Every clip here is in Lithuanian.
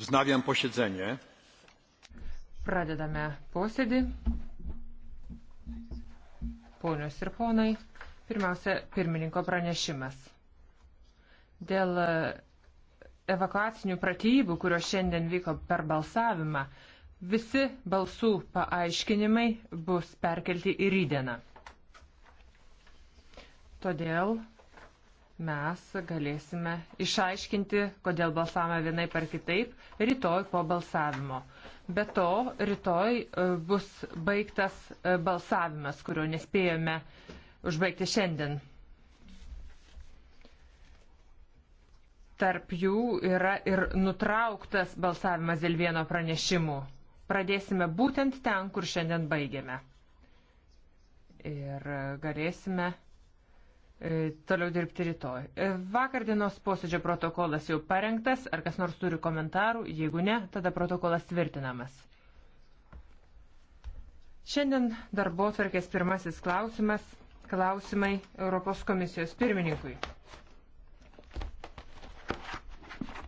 Vznaviam posėdzenį. Pradedame posėdį. Ponios ir ponai, pirmiausia, pirmininko pranešimas. Dėl e, evakuacinių pratybų, kurios šiandien vyko per balsavimą, visi balsų paaiškinimai bus perkelti į rydieną. Todėl mes galėsime išaiškinti, kodėl balsavome vienai par kitaip, rytoj po balsavimo. Be to, rytoj e, bus baigtas e, balsavimas, kurio nespėjome užbaigti šiandien. Tarp jų yra ir nutrauktas balsavimas dėl vieno pranešimų. Pradėsime būtent ten, kur šiandien baigėme. Ir e, galėsime E, toliau dirbti rytoj. E, vakar dienos posėdžio protokolas jau parengtas, ar kas nors turi komentarų, jeigu ne, tada protokolas tvirtinamas. Šiandien darbo tvarkės pirmasis klausimas - klausimai Europos komisijos pirmininkui.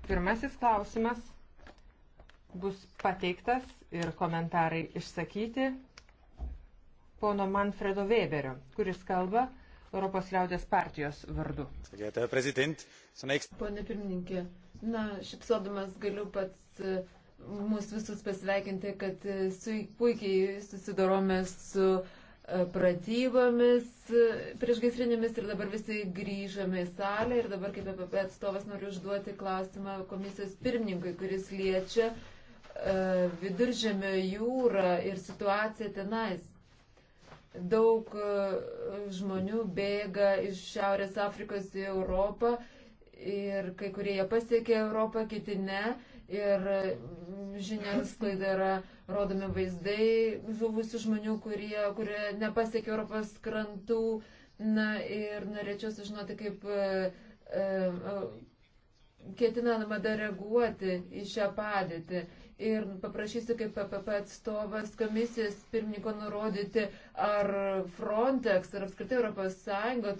Pirmasis klausimas bus pateiktas ir komentarai išsakyti pono Manfredo Weberio, kuris kalba Europos liaudės partijos vardu. Pone pirmininkė, na, šipsodamas galiu pats e, mūsų visus pasveikinti, kad e, su, puikiai susidarome su pratybomis e, priešgaisrinėmis ir dabar visi grįžame į salę ir dabar kaip EPP atstovas noriu užduoti klausimą komisijos pirmininkui, kuris liečia uh, viduržėmio jūrą ir situaciją tenais. Daug e, žmonių bėga iš Šiaurės Afrikos į Europą ir kai kurie jie pasiekia Europą, kiti ne. Ir mm, žiniasklaida yra rodomi vaizdai žuvusių žmonių, kurie, kurie nepasiekia Europos krantų. Na ir norėčiau sužinoti, kaip uh, uh, ketinama dar reaguoti į šią padėtį. Uh, ir paprašysiu kaip PPP atstovas komisijos pirmininko nurodyti, ar Frontex ar apskritai ES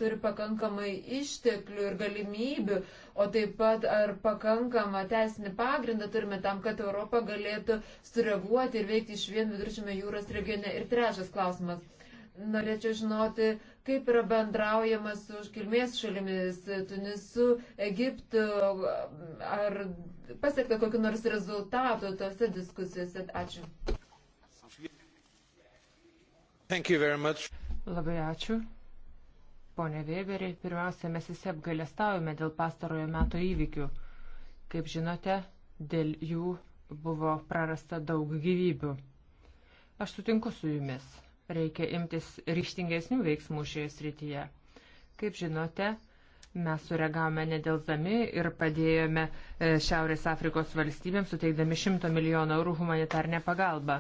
turi pakankamai išteklių ir galimybių, o taip pat ar pakankamą teisinį pagrindą turime tam, kad Europa galėtų sureaguoti ir veikti iš vien viduržymio jūros regione. Ir trečias klausimas. Norėčiau žinoti, kaip yra bendraujama su kilmės šalimis, Tunisu, Egiptu ar pasiekta kokiu nors rezultatu tose diskusijose. Ačiū. Labai ačiū. Pone Weberiai, pirmiausia, mes visi apgailestavome dėl pastarojo meto įvykių. Kaip žinote, dėl jų buvo prarasta daug gyvybių. Aš sutinku su jumis. Reikia imtis ryštingesnių veiksmų šioje srityje. Kaip žinote, Mes sureagavome nedėlzami ir padėjome e, Šiaurės Afrikos valstybėms, suteikdami 100 milijonų eurų humanitarnę pagalbą.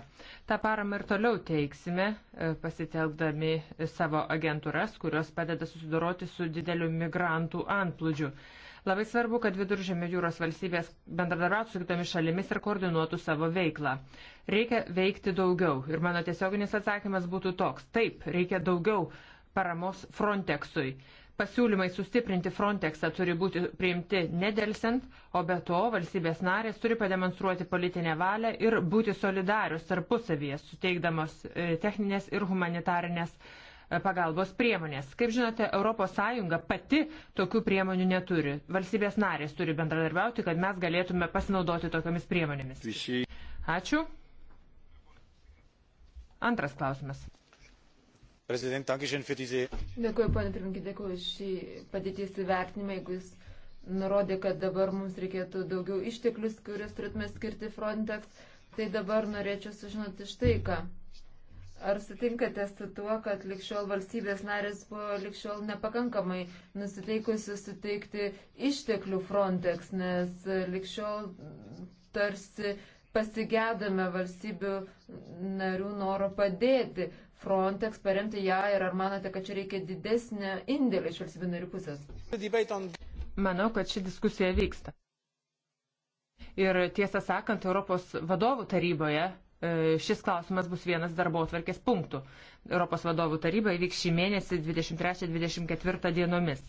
Ta parama ir toliau teiksime, e, pasitelkdami savo agentūras, kurios padeda susidoroti su dideliu migrantų antplūdžiu. Labai svarbu, kad viduržėmio jūros valstybės bendradarbiautų su kitomis šalimis ir koordinuotų savo veiklą. Reikia veikti daugiau. Ir mano tiesioginis atsakymas būtų toks. Taip, reikia daugiau paramos Frontexui pasiūlymai sustiprinti Frontexą turi būti priimti nedelsiant, o be to valstybės narės turi pademonstruoti politinę valią ir būti solidarius tarpusavyje, suteikdamos e, techninės ir humanitarinės e, pagalbos priemonės. Kaip žinote, ES pati tokių priemonių neturi. Valstybės narės turi bendradarbiauti, kad mes galėtume pasinaudoti tokiamis priemonėmis. Ačiū. Antras klausimas. Dėkuoju, ponė pirmininkė, dėkuoju šį padėties įvertinimą, jeigu jis nurodė, kad dabar mums reikėtų daugiau išteklius, kuriuos turėtume skirti Frontex, tai dabar norėčiau sužinoti štai ką. Ar sutinkate su tuo, kad likščiol valstybės narės buvo likščiol nepakankamai nusiteikusi suteikti išteklių Frontex, nes likščiol tarsi pasigėdame valstybių narių noro padėti. Frontex, paremti ją ir ar manote, kad čia reikia didesnio indėlio iš valstybių narių pusės? Manau, kad ši diskusija vyksta. Ir tiesą sakant, Europos vadovų taryboje e, šis klausimas bus vienas darbo atverkės punktų. Europos vadovų taryba įvyks šį mėnesį 23-24 dienomis.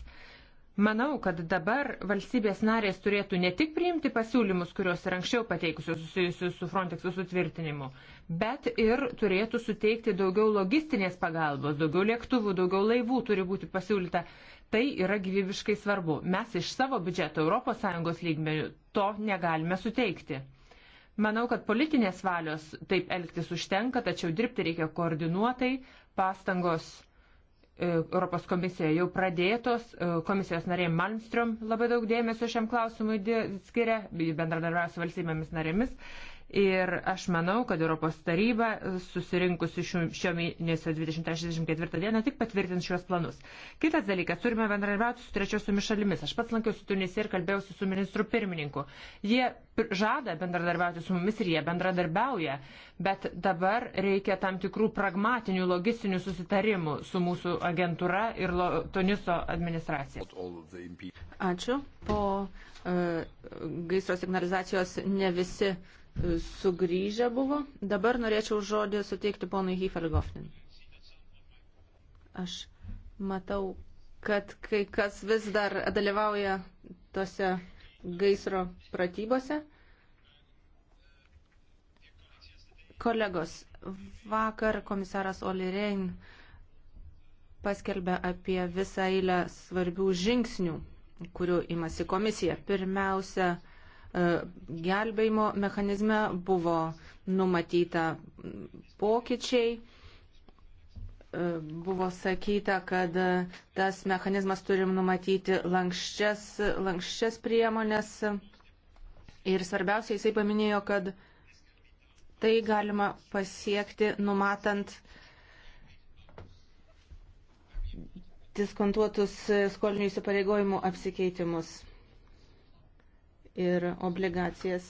Manau, kad dabar valstybės narės turėtų ne tik priimti pasiūlymus, kuriuos ir anksčiau pateikusius susijusius su Frontexų sutvirtinimu, bet ir turėtų suteikti daugiau logistinės pagalbos, daugiau lėktuvų, daugiau laivų turi būti pasiūlyta. Tai yra gyvybiškai svarbu. Mes iš savo biudžeto ES lygmenių to negalime suteikti. Manau, kad politinės valios taip elgtis užtenka, tačiau dirbti reikia koordinuotai, pastangos E, Europos komisija jau pradėtos, e, komisijos nariai Malmström labai daug dėmesio šiam klausimui skiria, bendradarbiavęs valstybėmis narėmis Ir aš manau, kad Europos taryba susirinkusi šio mėnesio 23-24 dieną tik patvirtins šios planus. Kitas dalykas, turime bendradarbiauti su trečiosiomis šalimis. Aš pats lankiausi Tunise ir kalbėjausi su ministru pirmininku. Jie žada bendradarbiauti su mumis ir jie bendradarbiauja, bet dabar reikia tam tikrų pragmatinių logistinių susitarimų su mūsų agentūra ir Tuniso administracija. Ačiū. Po uh, gaisro signalizacijos ne visi sugrįžę buvo. Dabar norėčiau žodį suteikti ponui Hifelgofnin. Aš matau, kad kai kas vis dar dalyvauja tose gaisro pratybose. Kolegos, vakar komisaras Olirein paskelbė apie visą eilę svarbių žingsnių, kurių imasi komisija. Pirmiausia, E, gelbėjimo mechanizme buvo numatyta pokyčiai. E, buvo sakyta, kad tas mechanizmas turim numatyti lankščias, lankščias priemonės. Ir svarbiausia, jisai paminėjo, kad tai galima pasiekti numatant diskontuotus skolinių įsipareigojimų apsikeitimus ir obligacijas.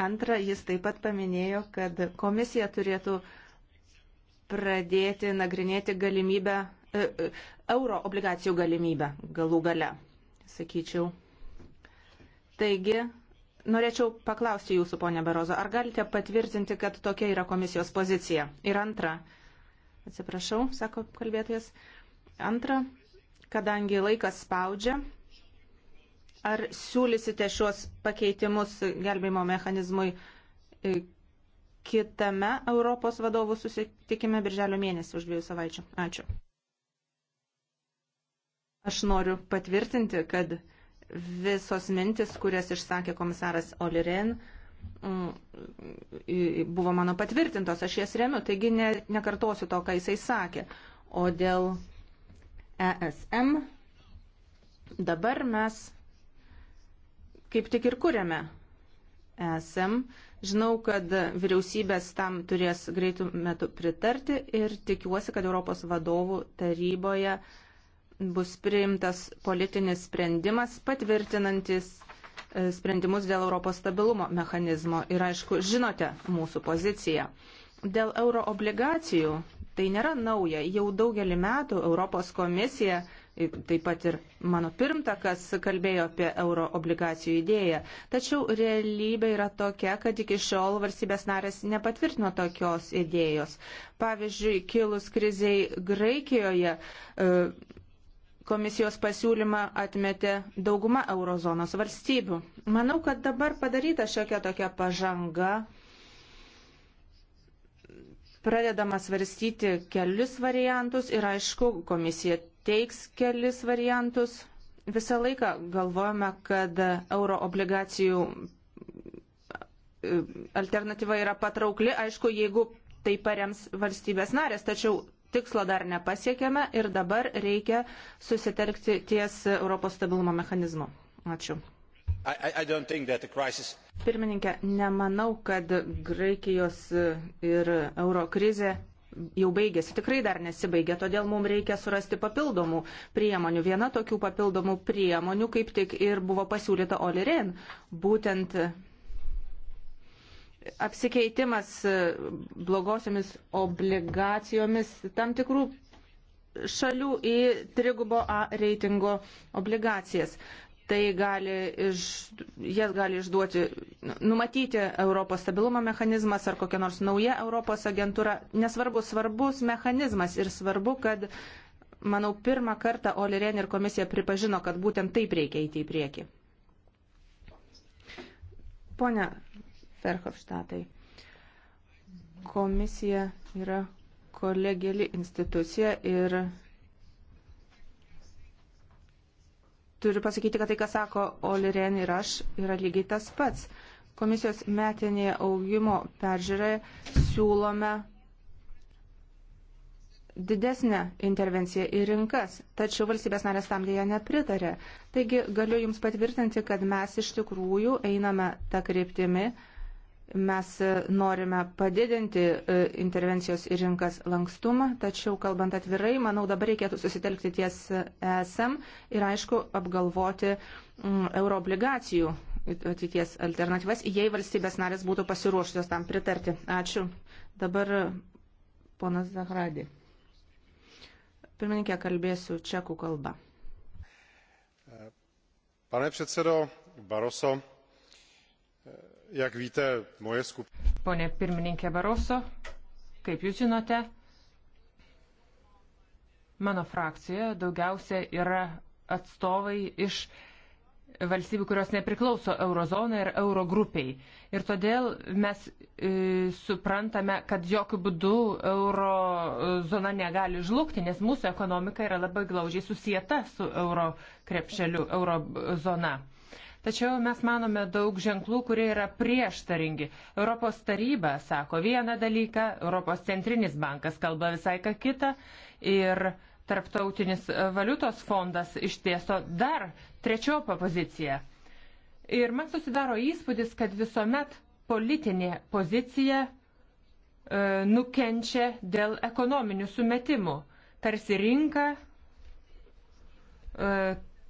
Antra, jis taip pat paminėjo, kad komisija turėtų pradėti nagrinėti galimybę, e, e, euro obligacijų galimybę galų gale, sakyčiau. Taigi, norėčiau paklausti jūsų, ponė Berozo, ar galite patvirtinti, kad tokia yra komisijos pozicija? Ir antra, atsiprašau, sako kalbėtojas, Antra, kadangi laikas spaudžia, ar siūlysite šios pakeitimus gelbėjimo mechanizmui e, kitame Europos vadovų susitikime birželio mėnesį už dviejų savaičių? Ačiū. Aš noriu patvirtinti, kad visos mintis, kurias išsakė komisaras Oliren, mm, buvo mano patvirtintos, aš jas remiu, taigi ne, nekartosiu to, ką jisai sakė. O dėl ESM, dabar mes kaip tik ir kuriame ESM. Žinau, kad vyriausybės tam turės greitų metų pritarti ir tikiuosi, kad Europos vadovų taryboje bus priimtas politinis sprendimas patvirtinantis e, sprendimus dėl Europos stabilumo mechanizmo. Ir aišku, žinote mūsų poziciją. Dėl euro obligacijų Tai nėra nauja. Jau daugelį metų Europos komisija, taip pat ir mano pirmtakas, kalbėjo apie euro obligacijų idėją. Tačiau realybė yra tokia, kad iki šiol valstybės narės nepatvirtino tokios idėjos. Pavyzdžiui, kilus kriziai Graikijoje. E, komisijos pasiūlymą atmetė dauguma eurozonos valstybių. Manau, kad dabar padaryta šiokia tokia pažanga Pradedama svarstyti kelius variantus ir aišku, komisija teiks kelius variantus. Visą laiką galvojame, kad euro obligacijų e, alternatyva yra patraukli, aišku, jeigu tai parems valstybės narės, tačiau tikslo dar nepasiekėme ir dabar reikia susitelkti ties Europos stabilumo mechanizmu. Ačiū. I, I crisis... Pirmininkė, nemanau, kad Graikijos ir euro krizė jau baigėsi, tikrai dar nesibaigė, todėl mums reikia surasti papildomų priemonių. Viena tokių papildomų priemonių kaip tik ir buvo pasiūlyta Oliren, būtent apsikeitimas blogosiomis obligacijomis tam tikrų šalių į trigubo A reitingo obligacijas tai gali iš, jas gali išduoti, nu, numatyti Europos stabilumo mechanizmas ar kokia nors nauja Europos agentūra. Nesvarbu, svarbus mechanizmas ir svarbu, kad, manau, pirmą kartą Olirien ir komisija pripažino, kad būtent taip reikia eiti į priekį. Pone Ferhofštatai, komisija yra kolegėli institucija ir turiu pasakyti, kad tai, ką sako Oliren ir aš, yra lygiai tas pats. Komisijos metinėje augimo peržiūroje siūlome didesnę intervenciją į rinkas, tačiau valstybės narės tam dėja nepritarė. Taigi galiu Jums patvirtinti, kad mes iš tikrųjų einame tą kryptimį, Mes e, norime padidinti e, intervencijos į rinkas lankstumą, tačiau, kalbant atvirai, manau, dabar reikėtų susitelkti ties ESM e ir, aišku, apgalvoti euroobligacijų ateities alternatyvas, jei valstybės narės būtų pasiruošusios tam pritarti. Ačiū. Dabar ponas Zahradė. Pirmininkė, kalbėsiu čekų kalba. Pane předsedo Baroso, jak víte, moje skupina. Pone pirmininkė Baroso, kaip jūs žinote, mano frakcijoje daugiausia yra atstovai iš valstybių, kurios nepriklauso eurozonai ir eurogrupiai. Ir todėl mes e, suprantame, kad jokių būdų eurozona negali žlugti, nes mūsų ekonomika yra labai glaužiai susijęta su euro krepšeliu, eurozona. E, Tačiau mes manome daug ženklų, kurie yra prieštaringi. Europos taryba sako vieną dalyką, Europos centrinis bankas kalba visai ką kitą ir Tarptautinis valiutos fondas ištieso dar trečiopą poziciją. Ir man susidaro įspūdis, kad visuomet politinė pozicija e, nukenčia dėl ekonominių sumetimų. Tarsi rinka e,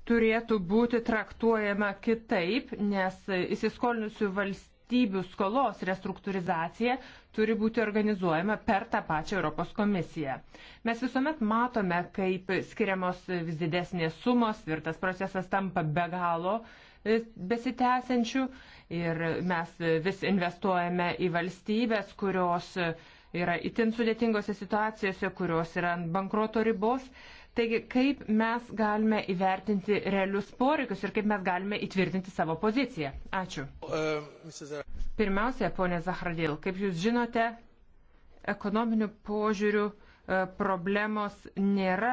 turėtų būti traktuojama kitaip, nes įsiskolinusių valstybių skolos restruktūrizacija turi būti organizuojama per tą pačią Europos komisiją. Mes visuomet matome, kaip skiriamos vis didesnės sumos ir tas procesas tampa be galo e, besitęsiančių ir mes vis investuojame į valstybės, kurios yra itin sudėtingose situacijose, kurios yra ant bankruoto ribos. Taigi, kaip mes galime įvertinti realius poreikius ir kaip mes galime įtvirtinti savo poziciją? Ačiū. Pirmiausia, ponė Zahradil, kaip jūs žinote, ekonominių požiūrių e, problemos nėra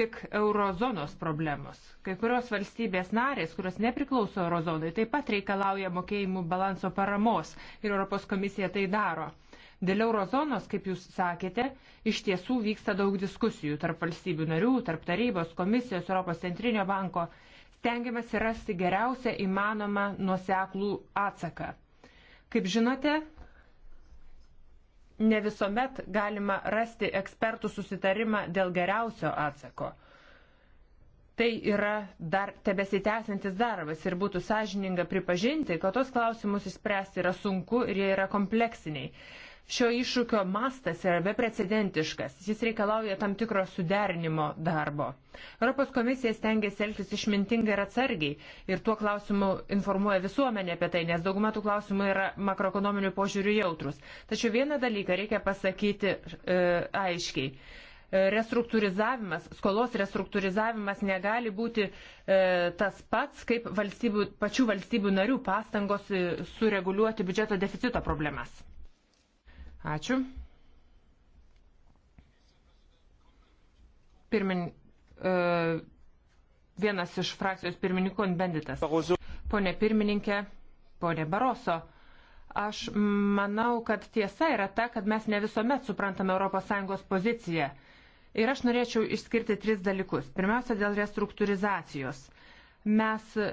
tik eurozonos problemos. Kai kurios valstybės narės, kurios nepriklauso eurozonai, taip pat reikalauja mokėjimų balanso paramos ir Europos komisija tai daro. Dėl eurozonos, kaip jūs sakėte, iš tiesų vyksta daug diskusijų tarp valstybių narių, tarp tarybos, komisijos, Europos centrinio banko. Stengiamasi rasti geriausią įmanomą nuoseklų atsaką. Kaip žinote, ne visuomet galima rasti ekspertų susitarimą dėl geriausio atsako. Tai yra dar tebesitęsantis darbas ir būtų sąžininga pripažinti, kad tos klausimus išspręsti yra sunku ir jie yra kompleksiniai. Šio iššūkio mastas yra beprecedentiškas, jis reikalauja tam tikro suderinimo darbo. Europos komisija stengiasi elgtis išmintingai ir atsargiai ir tuo klausimu informuoja visuomenė apie tai, nes dauguma tų klausimų yra makroekonominių požiūrių jautrus. Tačiau vieną dalyką reikia pasakyti e, aiškiai e, restruktūrizavimas, skolos restruktūrizavimas negali būti e, tas pats, kaip valstybių, pačių valstybių narių pastangos e, sureguliuoti biudžeto deficito problemas. Ačiū. Pirmin, uh, vienas iš frakcijos pirmininkų Benditas. Pone pirmininkė, ponė Baroso, aš manau, kad tiesa yra ta, kad mes ne visuomet suprantame ES poziciją. Ir aš norėčiau išskirti tris dalykus. Pirmiausia, dėl restruktūrizacijos. Mes e,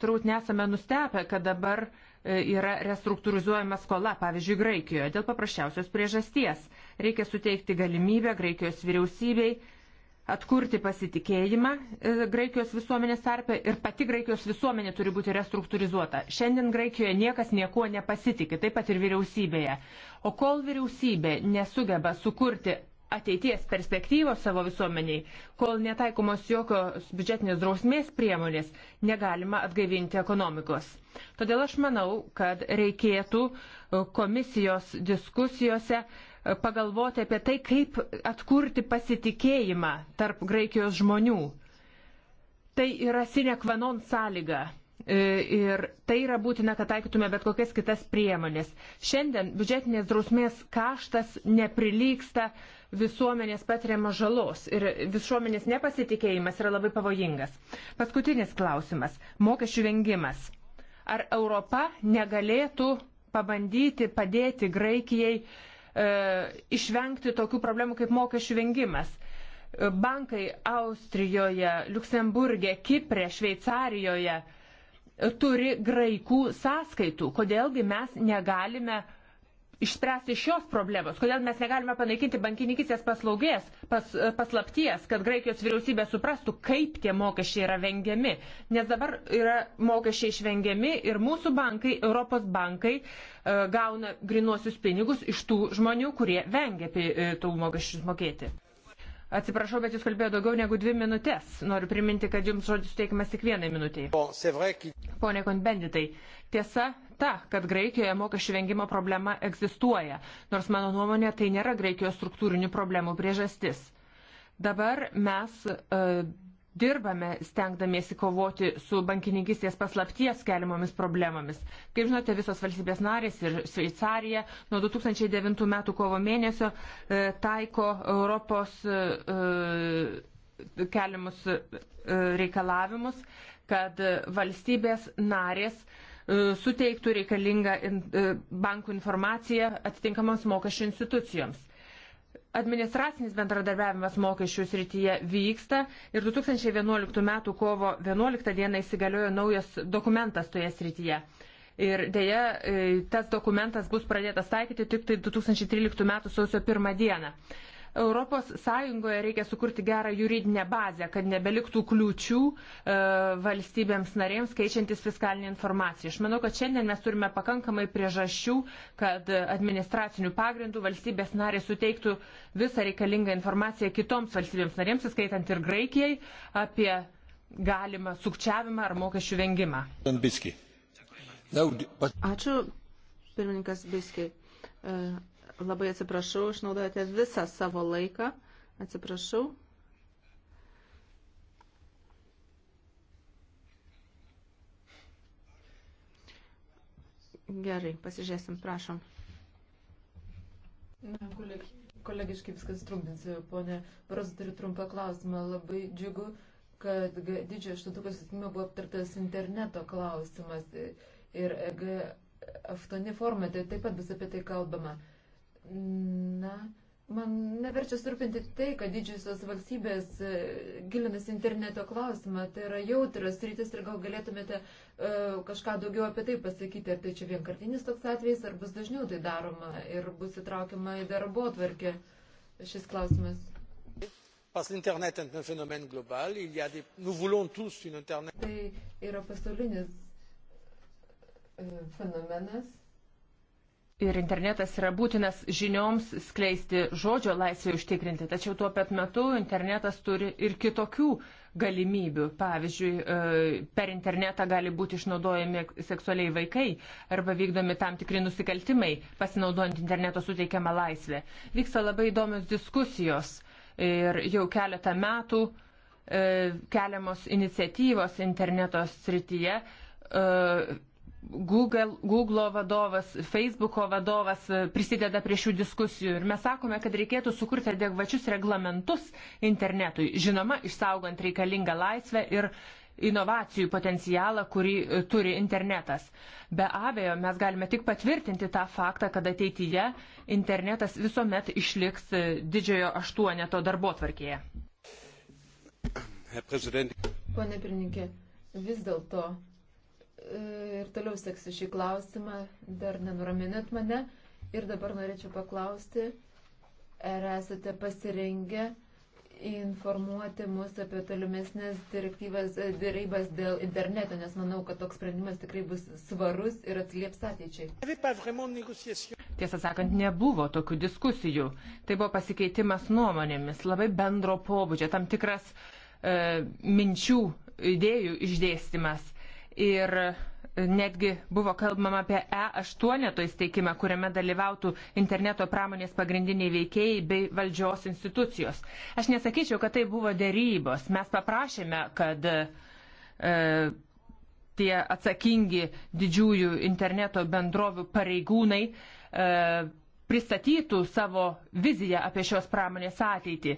turbūt nesame nustepę, kad dabar e, E, yra restruktūrizuojama skola, pavyzdžiui, Graikijoje, dėl paprasčiausios priežasties. Reikia suteikti galimybę Graikijos vyriausybei atkurti pasitikėjimą e, Graikijos visuomenės tarpe ir pati Graikijos visuomenė turi būti restruktūrizuota. Šiandien Graikijoje niekas nieko nepasitikė, taip pat ir vyriausybėje. O kol vyriausybė nesugeba sukurti ateities perspektyvos savo visuomeniai, kol netaikomos jokios biudžetinės drausmės priemonės, negalima atgaivinti ekonomikos. Todėl aš manau, kad reikėtų e, komisijos diskusijose e, pagalvoti apie tai, kaip atkurti pasitikėjimą tarp Graikijos žmonių. Tai yra sinekvanon sąlyga E, ir tai yra būtina, kad taikytume bet kokias kitas priemonės. Šiandien biudžetinės drausmės kaštas neprilyksta visuomenės patiriamos žalos ir visuomenės nepasitikėjimas yra labai pavojingas. Paskutinis klausimas - mokesčių vengimas. Ar Europa negalėtų pabandyti padėti Graikijai e, išvengti tokių problemų kaip mokesčių vengimas? E, bankai Austrijoje, Luksemburgė, Kiprė, Šveicarijoje turi graikų sąskaitų. Kodėlgi mes negalime išspręsti šios problemos, kodėl mes negalime panaikinti bankininkistės paslaugės, pas, paslapties, kad Graikijos vyriausybė suprastų, kaip tie mokesčiai yra vengiami. Nes dabar yra mokesčiai išvengiami ir mūsų bankai, Europos bankai e, gauna grinuosius pinigus iš tų žmonių, kurie vengia e, tų mokesčius mokėti. Atsiprašau, bet jūs kalbėjote daugiau negu dvi minutės. Noriu priminti, kad jums žodis suteikiamas tik vienai minutiai. Pone Konbenditai, tiesa ta, kad Graikijoje mokesčių vengimo problema egzistuoja, nors mano nuomonė tai nėra Graikijos struktūrinių problemų priežastis. Dabar mes. Uh, dirbame stengdamiesi kovoti su bankininkistės paslapties keliamomis problemomis. Kaip žinote, visos valstybės narės ir Šveicarija nuo 2009 metų kovo mėnesio e, taiko Europos e, e, keliamus e, reikalavimus, kad valstybės narės e, suteiktų reikalingą in, e, bankų informaciją atitinkamoms mokesčių institucijoms administracinis bendradarbiavimas mokesčių srityje vyksta ir 2011 m. kovo 11 d. įsigaliojo naujas dokumentas toje srityje. Ir dėja, e, tas dokumentas bus pradėtas taikyti tik tai 2013 m. sausio 1 d. ES reikia sukurti gerą juridinę bazę, kad nebeliktų kliūčių e, valstybėms narėms keičiantis fiskalinį informaciją. Aš manau, kad šiandien mes turime pakankamai priežasčių, kad administracinių pagrindų valstybės narė suteiktų visą reikalingą informaciją kitoms valstybėms narėms, įskaitant ir Graikijai, apie galimą sukčiavimą ar mokesčių vengimą. Ačiū, pirmininkas Biskiai. E, Labai atsiprašau, išnaudojate visą savo laiką. Atsiprašau. Gerai, pasižiūrėsim, prašom. Na, koleg, kolegiškai viskas trumpinsiu, ponė. Paras turiu trumpą klausimą. Labai džiugu, kad didžiojo aštuntuko susitikime buvo aptartas interneto klausimas ir G8 formate taip pat bus apie tai kalbama. Na, man neverčia surpinti tai, kad didžiosios valstybės e, gilinasi interneto klausimą. Tai yra jautras rytis ir gal galėtumėte uh, kažką daugiau apie tai pasakyti, ar tai čia vienkartinis toks atvejis, ar bus dažniau tai daroma ir bus įtraukiama į darbo atvarkę šis klausimas. Parce l'Internet est un phénomène global, il y a des... nous voulons tous une Internet. Tai yra pasaulinis e, fenomenas ir internetas yra būtinas žinioms skleisti žodžio laisvę užtikrinti, tačiau tuo pat metu internetas turi ir kitokių galimybių. Pavyzdžiui, e, per internetą gali būti išnaudojami seksualiai vaikai arba vykdomi tam tikri nusikaltimai, pasinaudojant interneto suteikiamą laisvę. Vyksta labai įdomios diskusijos ir jau keletą metų e, keliamos iniciatyvos interneto srityje e, Google, Google vadovas, Facebooko vadovas e, prisideda prie šių diskusijų ir mes sakome, kad reikėtų sukurti adekvačius reglamentus internetui, žinoma, išsaugant reikalingą laisvę ir inovacijų potencialą, kurį e, turi internetas. Be abejo, mes galime tik patvirtinti tą faktą, kad ateityje internetas visuomet išliks e, didžiojo aštuoneto darbo tvarkėje. Pone pirmininkė, vis dėlto ir toliau seksiu šį klausimą, dar nenuraminat mane. Ir dabar norėčiau paklausti, ar esate pasirengę informuoti mus apie tolimesnės direktyvas e, dėrybas dėl interneto, nes manau, kad toks sprendimas tikrai bus svarus ir atsilieps ateičiai. Tiesą sakant, nebuvo tokių diskusijų. Tai buvo pasikeitimas nuomonėmis, labai bendro pobūdžio, tam tikras e, minčių, idėjų išdėstymas ir netgi buvo kalbama apie E8 įsteigimą, kuriame dalyvautų interneto pramonės pagrindiniai veikėjai bei valdžios institucijos. Aš nesakyčiau, kad tai buvo dėrybos. Mes paprašėme, kad e, tie atsakingi didžiųjų interneto bendrovių pareigūnai e, pristatytų savo viziją apie šios pramonės ateitį.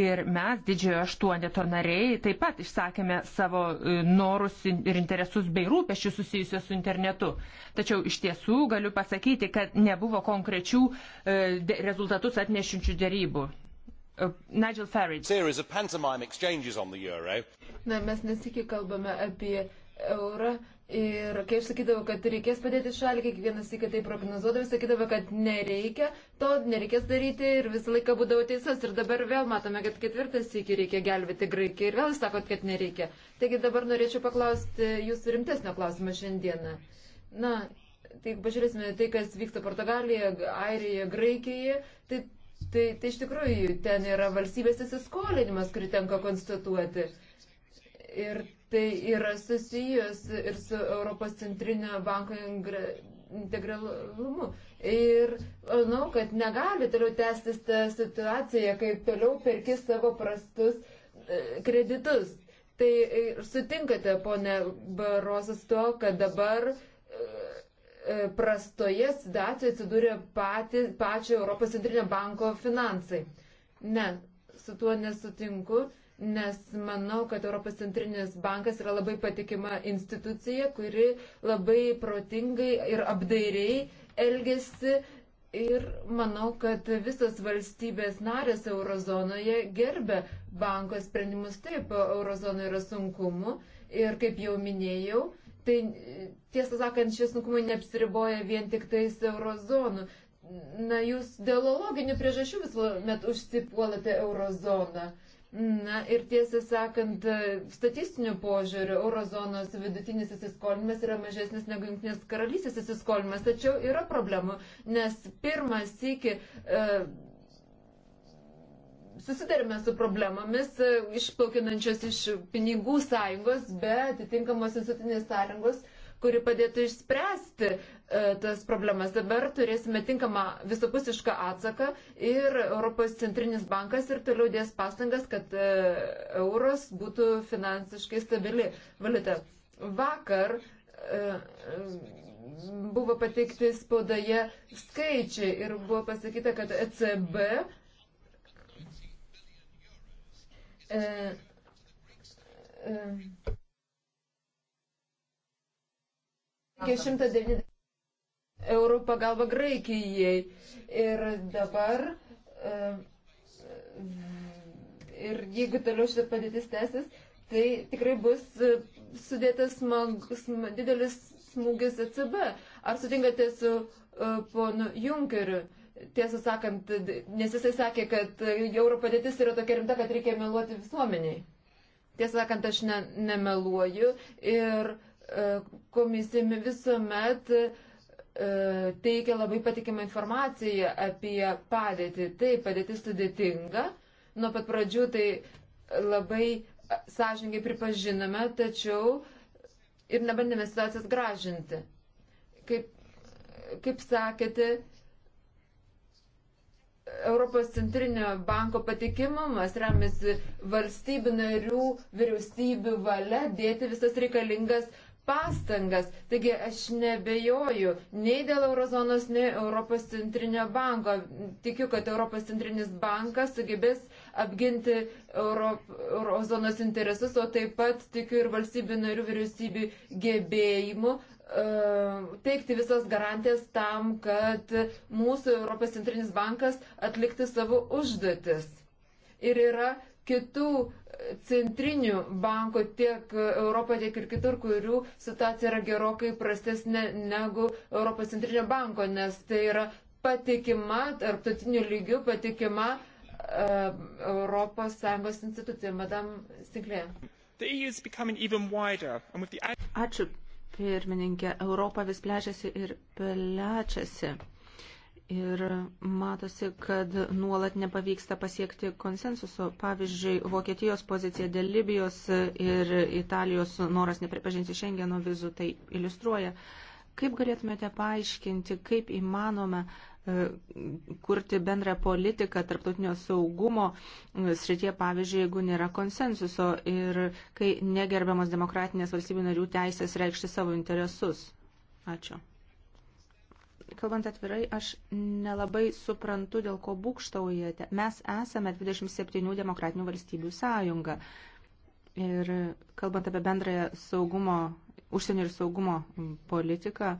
Ir mes, didžiojo aštuoneto nariai, taip pat išsakėme savo e, norus ir interesus bei rūpešius susijusios su internetu. Tačiau iš tiesų galiu pasakyti, kad nebuvo konkrečių e, rezultatus atnešinčių dėrybų. E, Nigel Farage. Na, mes nesikį kalbame apie eurą Ir kai aš sakydavau, kad reikės padėti šalį, kiekvienas į kitai prognozuodavau, sakydavau, kad nereikia, to nereikės daryti ir visą laiką būdavo teisus. Ir dabar vėl matome, kad ketvirtas iki reikia gelbėti Graikiją ir vėl jūs sakot, kad nereikia. Taigi dabar norėčiau paklausti jūsų rimtesnio klausimo šiandieną. Na, tai pažiūrėsime tai, kas vyksta Portugalijoje, Airijoje, Graikijoje. Tai, tai, tai iš tikrųjų ten yra valstybės įsiskolinimas, kurį tenka konstatuoti. Ir tai yra susijęs ir su Europos centrinio banko integralumu. Ir manau, kad negali toliau tęstis ta situacija, kai toliau perki savo prastus e, kreditus. Tai e, sutinkate, ponė Barosas, to, kad dabar e, prastoje situacijoje atsidūrė pati, pačio Europos centrinio banko finansai. Ne, su tuo nesutinku nes manau, kad Europos centrinis bankas yra labai patikima institucija, kuri labai protingai ir apdairiai elgesi. Ir manau, kad visas valstybės narės eurozonoje gerbė banko sprendimus. Taip, eurozonoje yra sunkumu. Ir kaip jau minėjau, tai tiesą sakant, šie sunkumai neapsiriboja vien tik tais eurozonų. Na, jūs dėl loginių priežasčių visuomet užsipuolate eurozoną. Na ir tiesą sakant, statistiniu požiūriu, eurozonos vidutinis įsiskolinimas yra mažesnis negu jungtinės karalystės įsiskolinimas, tačiau yra problemų, nes pirmas iki. E, uh, susidarėme su problemomis e, išplaukinančios iš pinigų sąjungos, be atitinkamos institutinės sąjungos kuri padėtų išspręsti e, tas problemas. Dabar turėsime tinkamą visapusišką atsaką ir Europos centrinis bankas ir toliau dės pastangas, kad e, euros būtų finansiškai stabili valiuta. Vakar e, buvo pateikti spaudoje skaičiai ir buvo pasakyta, kad ECB e, e, 109 eurų pagalba Graikijai. Ir dabar. E, ir jeigu toliau šitą padėtis tęsis, tai tikrai bus e, sudėtas smag, sm, didelis smūgis ECB. Ar sutinkate su uh, ponu Junkeriu? Tiesą sakant, nes jisai sakė, kad euro padėtis yra tokia rimta, kad reikia meluoti visuomeniai. Tiesą sakant, aš ne, nemeluoju ir uh, komisijami visuomet e, teikia labai patikimą informaciją apie padėtį. Tai padėtis sudėtinga. Nuo pat pradžių tai labai sąžininkai pripažinome, tačiau ir nebandėme situacijas gražinti. Kaip, kaip sakėte, Europos centrinio banko patikimumas remiasi valstybių narių vyriausybių valia dėti visas reikalingas pastangas. Taigi aš nebejoju nei dėl Eurozonos, nei Europos centrinio banko. Tikiu, kad Europos centrinis bankas sugebės apginti Euro, Eurozonos interesus, o taip pat tikiu ir valstybių narių vyriausybių gebėjimu e, teikti visas garantijas tam, kad mūsų Europos centrinis bankas atlikti savo užduotis. Ir yra kitų e, centrinių bankų tiek e, Europoje, tiek ir kitur, kurių situacija yra gerokai prastesnė negu Europos centrinio banko, nes tai yra patikima, tarptautiniu lygiu patikima uh, e, ES institucija. Madam Stiklė. Ačiū, pirmininkė. Europa vis plečiasi ir plečiasi. Ir matosi, kad nuolat nepavyksta pasiekti konsensuso. Pavyzdžiui, Vokietijos pozicija dėl Libijos ir Italijos noras nepripažinti Schengeno vizų tai iliustruoja. Kaip galėtumėte paaiškinti, kaip įmanome kurti bendrą politiką tarptautinio saugumo e, srityje, pavyzdžiui, jeigu nėra konsensuso ir kai negerbiamos demokratinės valstybių narių teisės reikšti savo interesus? Ačiū kalbant atvirai, aš nelabai suprantu, dėl ko būkštaujate. Mes esame 27 demokratinių valstybių sąjunga. Ir kalbant apie bendrąją saugumo, užsienio ir saugumo politiką,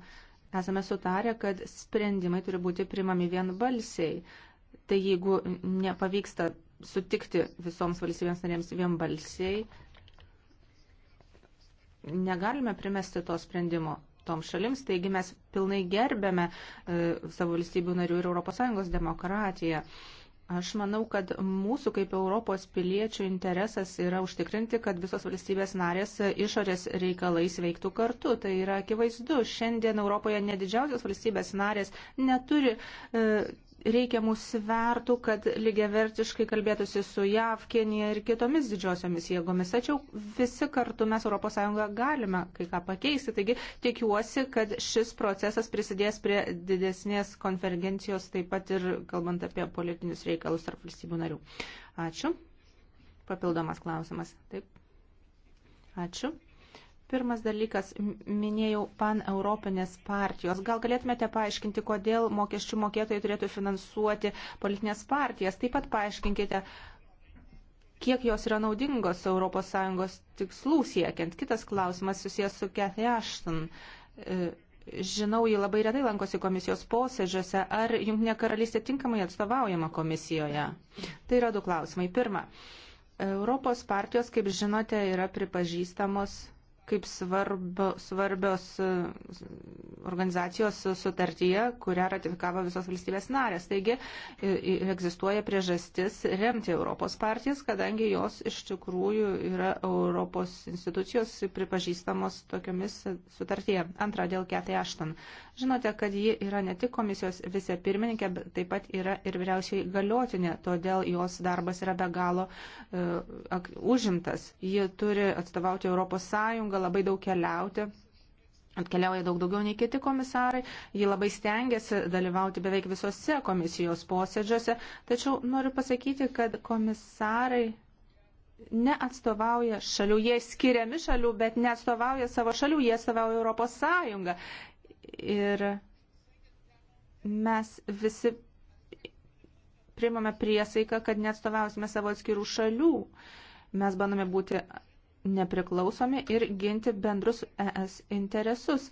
esame sutarę, kad sprendimai turi būti primami vienbalsiai. Tai jeigu nepavyksta sutikti visoms valstybėms narėms vienbalsiai, negalime primesti to sprendimo tom šalims, taigi mes pilnai gerbėme e, savo valstybių narių ir ES demokratiją. Aš manau, kad mūsų kaip Europos piliečių interesas yra užtikrinti, kad visos valstybės narės išorės reikalais veiktų kartu. Tai yra akivaizdu. Šiandien Europoje nedidžiausios valstybės narės neturi e, reikiamų svertų, kad lygiavertiškai kalbėtųsi su JAV, Kenija ir kitomis didžiosiomis jėgomis. Tačiau visi kartu mes ES galime kai ką pakeisti. Taigi tikiuosi, kad šis procesas prisidės prie didesnės konvergencijos, taip pat ir kalbant apie politinius reikalus tarp valstybių narių. Ačiū. Papildomas klausimas. Taip. Ačiū. Pirmas dalykas, minėjau pan-europinės partijos. Gal galėtumėte paaiškinti, kodėl mokesčių mokėtojai turėtų finansuoti politinės partijas? Taip pat paaiškinkite, kiek jos yra naudingos ES tikslų siekiant. Kitas klausimas susijęs su Cathy Ashton. E, žinau, ji labai retai lankosi komisijos posėdžiuose. Ar Junktinė karalystė tinkamai atstovaujama komisijoje? Tai yra du klausimai. Pirma, Europos partijos, kaip žinote, yra pripažįstamos kaip svarbio, svarbios e, organizacijos sutartyje, kurią ratifikavo visos valstybės narės. Taigi e, e, egzistuoja priežastis remti Europos partijas, kadangi jos iš tikrųjų yra Europos institucijos pripažįstamos tokiomis sutartyje. Antra, dėl Ketai Ašton. Žinote, kad ji yra ne tik komisijos vicepirmininkė, bet taip pat yra ir vyriausiai galiotinė, todėl jos darbas yra be galo uh, užimtas. Ji turi atstovauti Europos Sąjungą labai daug keliauti. Atkeliauja daug daugiau nei kiti komisarai, ji labai stengiasi dalyvauti beveik visose komisijos posėdžiuose, tačiau noriu pasakyti, kad komisarai neatstovauja šalių, jie skiriami šalių, bet neatstovauja savo šalių, jie atstovauja Europos Sąjungą. Ir mes visi priimame priesaiką, kad neatstovausime savo atskirų šalių. Mes bandome būti nepriklausomi ir ginti bendrus ES interesus.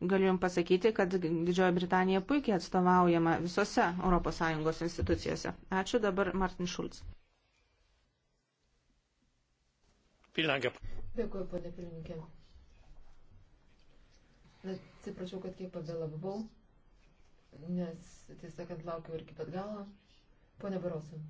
Galiu Jums pasakyti, kad Didžioji Britanija puikiai atstovaujama visose ES institucijose. Ačiū dabar Martin Šulc. Dėkuoju, ponė pirmininkė. Atsiprašau, kad kiek pavėlavau, nes tiesą sakant laukiu ir iki pat galo. Pone Barosim.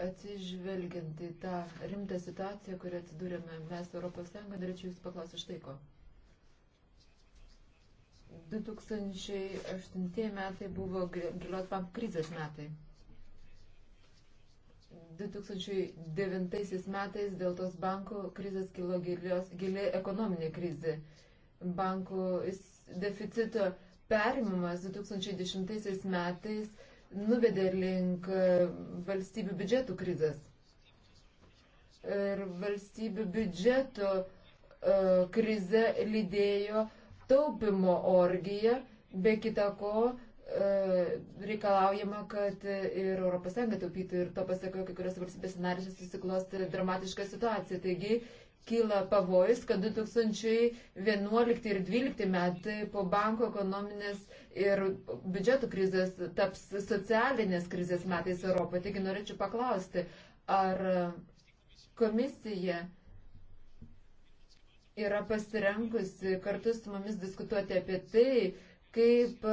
Atsižvelgiant į tą rimtą situaciją, kurią atsidūrėme mes Europos Sąjungoje, norėčiau Jūs paklausyti štai ko. 2008 metai buvo gilios pam krizės metai. 2009 metais dėl tos bankų krizės kilo gilios, gili ekonominė krizė. Bankų deficito perimimas 2010 metais nuvedė link e, valstybių biudžetų krizės. Ir valstybių biudžeto e, krize lydėjo taupimo orgiją, be kita ko e, reikalaujama, kad ir ES taupytų ir to pasakojo kai kurios valstybės narės susiklosti dramatišką situaciją. Taigi kyla pavojus, kad 2011 ir 2012 metai po banko ekonominės ir biudžeto krizės taps socialinės krizės metais Europoje. Taigi norėčiau paklausti, ar komisija yra pasirengusi kartu su mumis diskutuoti apie tai, kaip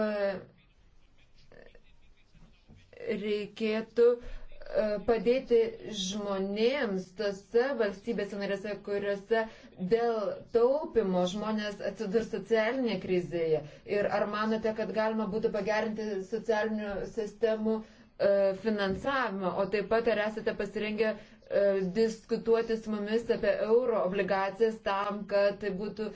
reikėtų uh, E, padėti žmonėms tose valstybėse narėse, kuriuose dėl taupimo žmonės atsidurs socialinėje krizėje? Ir ar manote, kad galima būtų pagerinti socialinių sistemų e, finansavimą, o taip pat ar esate pasirengę e, diskutuoti su mumis apie euro obligacijas tam, kad tai būtų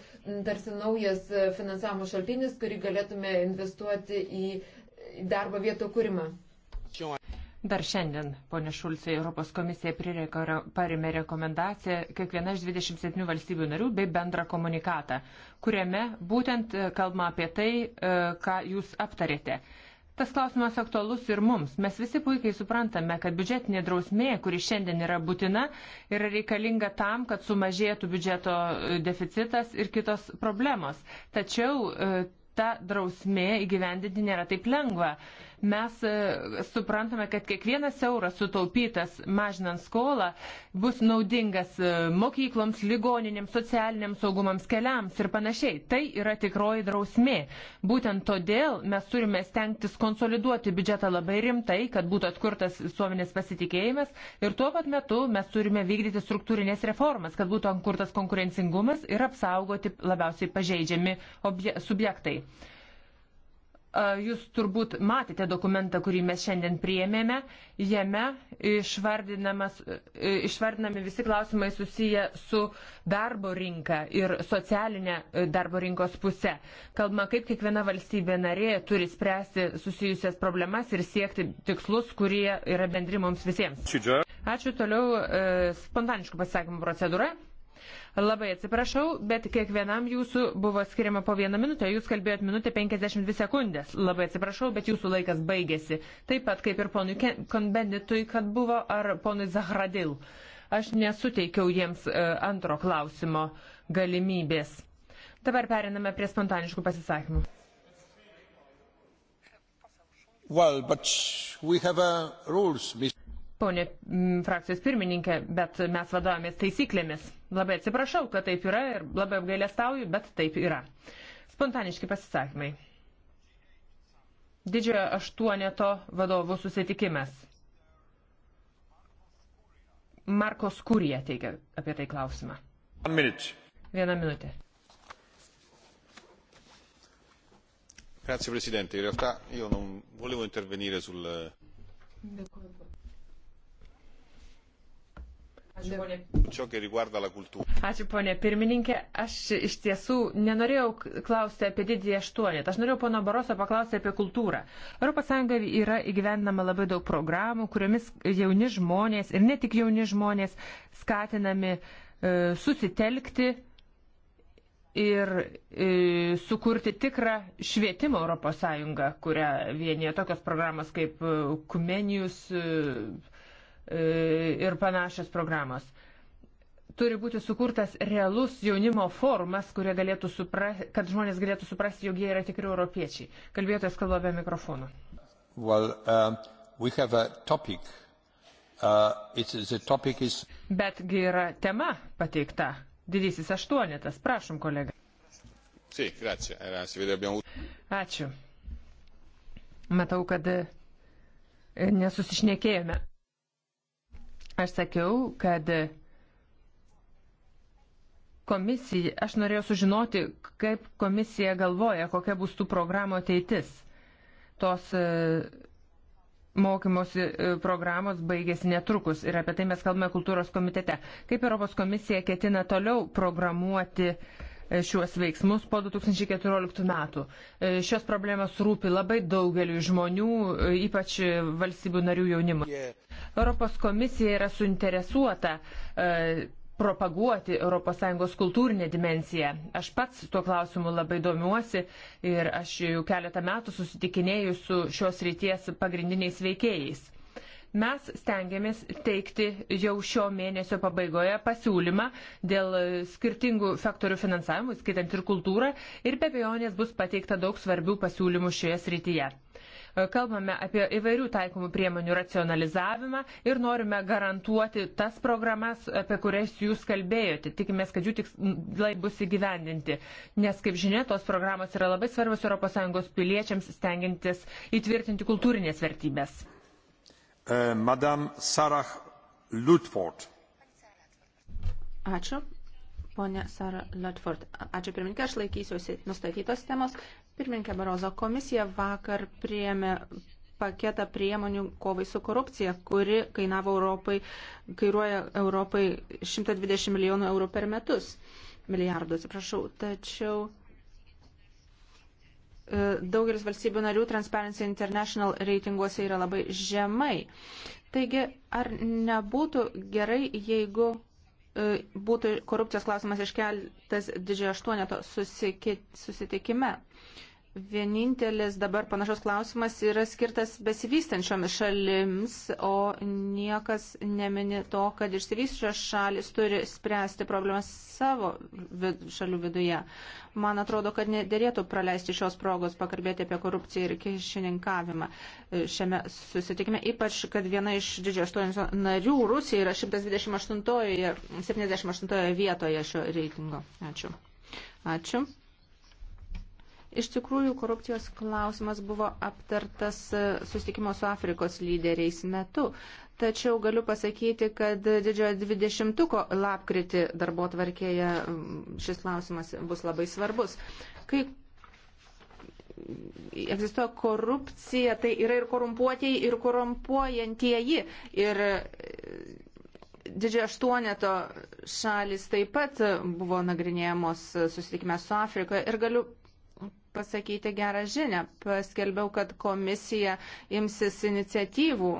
tarsi naujas finansavimo šaltinis, kurį galėtume investuoti į darbo vietų kūrimą. Dar šiandien, ponė Šulcai, Europos komisija prireko, parėmė rekomendaciją kiekviena iš 27 valstybių narių bei bendrą komunikatą, kuriame būtent e, kalbama apie tai, e, ką jūs aptarėte. Tas klausimas aktualus ir mums. Mes visi puikiai suprantame, kad biudžetinė drausmė, kuri šiandien yra būtina, yra reikalinga tam, kad sumažėtų biudžeto e, deficitas ir kitos problemos. Tačiau ta drausmė įgyvendinti nėra taip lengva. Mes e, suprantame, kad kiekvienas euras sutaupytas mažinant skolą bus naudingas e, mokykloms, ligoninėms, socialiniams saugumams, keliams ir panašiai. Tai yra tikroji drausmė. Būtent todėl mes turime stengtis konsoliduoti biudžetą labai rimtai, kad būtų atkurtas visuomenės pasitikėjimas ir tuo pat metu mes turime vykdyti struktūrinės reformas, kad būtų atkurtas konkurencingumas ir apsaugoti labiausiai pažeidžiami subjektai. Jūs turbūt matėte dokumentą, kurį mes šiandien priėmėme. Jame e, išvardinami visi klausimai susiję su darbo rinka ir socialinė e, darbo rinkos pusė. Kalbama, kaip kiekviena valstybė narė turi spręsti susijusias problemas ir siekti tikslus, kurie yra bendri mums visiems. Ačiū toliau e, spontaniškų pasisakymų procedūra. Labai atsiprašau, bet kiekvienam jūsų buvo skiriama po vieną minutę, jūs kalbėjot minutę 52 sekundės. Labai atsiprašau, bet jūsų laikas baigėsi. Taip pat kaip ir ponui Konbenditui, kad buvo, ar ponui Zahradil. Aš nesuteikiau jiems e, antro klausimo galimybės. Dabar periname prie spontaniškų pasisakymų. Well, but we have uh, rules, Mr ponė mm, frakcijos pirmininkė, bet mes vadovėmės taisyklėmis. Labai atsiprašau, kad taip yra ir labai apgailestauju, bet taip yra. Spontaniški pasisakymai. Didžiojo aštuoneto vadovų susitikimas. Marko Skurija teikia apie tai klausimą. Vieną minutę. Grazie Presidente, in realtà io non volevo intervenire sul... Dėkui. Ačiū, ponė pirmininkė. Aš iš tiesų nenorėjau klausti apie didįjį aštuonetą. Aš norėjau pono Baroso paklausti apie kultūrą. ES yra įgyvendinama labai daug programų, kuriomis jauni žmonės ir ne tik jauni žmonės skatinami e, susitelkti ir e, sukurti tikrą švietimo ES, kurią vienyje tokios programos kaip e, Kumenijus. E, E, ir panašios programos. Turi būti sukurtas realus jaunimo forumas, supra, kad žmonės galėtų suprasti, jog jie yra tikri europiečiai. Kalbėtojas kalba be mikrofono. Well, uh, we have a topic. Uh, the topic is... Betgi yra tema pateikta. Didysis aštuonetas. Prašom, kolega. Sì, grazie. Era, si vede, abbiamo... Ačiū. Matau, kad e, nesusišnekėjome. Aš sakiau, kad komisija, aš norėjau sužinoti, kaip komisija galvoja, kokia bus tų programų ateitis. Tos e, mokymosi e, programos baigėsi netrukus ir apie tai mes kalbame kultūros komitete. Kaip Europos komisija ketina toliau programuoti uh, šiuos veiksmus po 2014 metų. E, šios problemos rūpi labai daugeliu žmonių, e, ypač valstybių narių jaunimui. Europos komisija yra suinteresuota e, propaguoti ES kultūrinę dimenciją. Aš pats tuo klausimu labai domiuosi ir aš jau keletą metų susitikinėjau su šios ryties pagrindiniais veikėjais. Mes stengiamės teikti jau šio mėnesio pabaigoje pasiūlymą dėl skirtingų sektorių finansavimų, skaitant ir kultūrą, ir be abejonės bus pateikta daug svarbių pasiūlymų šioje srityje. Kalbame apie įvairių taikomų priemonių racionalizavimą ir norime garantuoti tas programas, apie kurias jūs kalbėjote. Tikimės, kad jų tikslai bus įgyvendinti. Nes, kaip žinia, tos programos yra labai svarbios ES piliečiams stengiantis įtvirtinti kultūrinės vertybės. E, Madam Sarah Ludford. Ačiū. Pone Sara Ledford, ačiū pirmininkė, aš laikysiuosi nustatytos temos. Pirmininkė Barozo komisija vakar priėmė paketą priemonių kovai su korupcija, kuri kainavo Europai, kairuoja Europai 120 milijonų eurų per metus. Milijardų, atsiprašau. Tačiau E, daugelis valstybių narių Transparency International reitinguose yra labai žemai. Taigi, ar nebūtų gerai, jeigu e, būtų korupcijos klausimas iškeltas didžiojo aštuoneto susitikime? Vienintelis dabar panašus klausimas yra skirtas besivystančiomis šalims, o niekas nemini to, kad išsivystančios šalis turi spręsti problemas savo vid šalių viduje. Man atrodo, kad nedėrėtų praleisti šios progos pakalbėti apie korupciją ir kišininkavimą e, šiame susitikime, ypač, kad viena iš didžiojo aštuonių narių Rusija yra 128, 78 vietoje šio reitingo. Ačiū. Ačiū. Iš tikrųjų, korupcijos klausimas buvo aptartas e, susitikimo su Afrikos lyderiais metu. Tačiau galiu pasakyti, kad didžiojo 20-ko lapkritį darbo tvarkėje šis klausimas bus labai svarbus. Kai egzistuoja korupcija, tai yra ir korumpuotieji, ir korumpuojantieji. Ir e, didžiojo aštuoneto šalis taip pat buvo nagrinėjamos susitikime su Afrikoje. Ir galiu pasakyti gerą žinę. Paskelbiau, kad komisija imsis iniciatyvų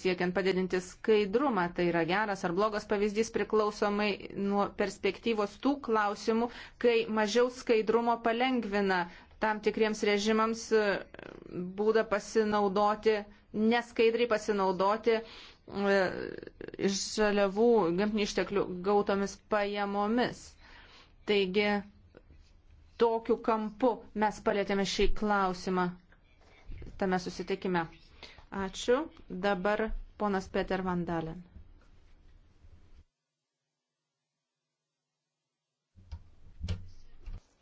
siekiant padidinti skaidrumą. Tai yra geras ar blogas pavyzdys priklausomai nuo perspektyvos tų klausimų, kai mažiau skaidrumo palengvina tam tikriems režimams e, būdą pasinaudoti, neskaidriai pasinaudoti e, iš žaliavų gamtinių išteklių gautomis pajamomis. Taigi tokiu kampu mes palėtėme šį klausimą tame susitikime. Ačiū. Dabar ponas Peter Vandalen.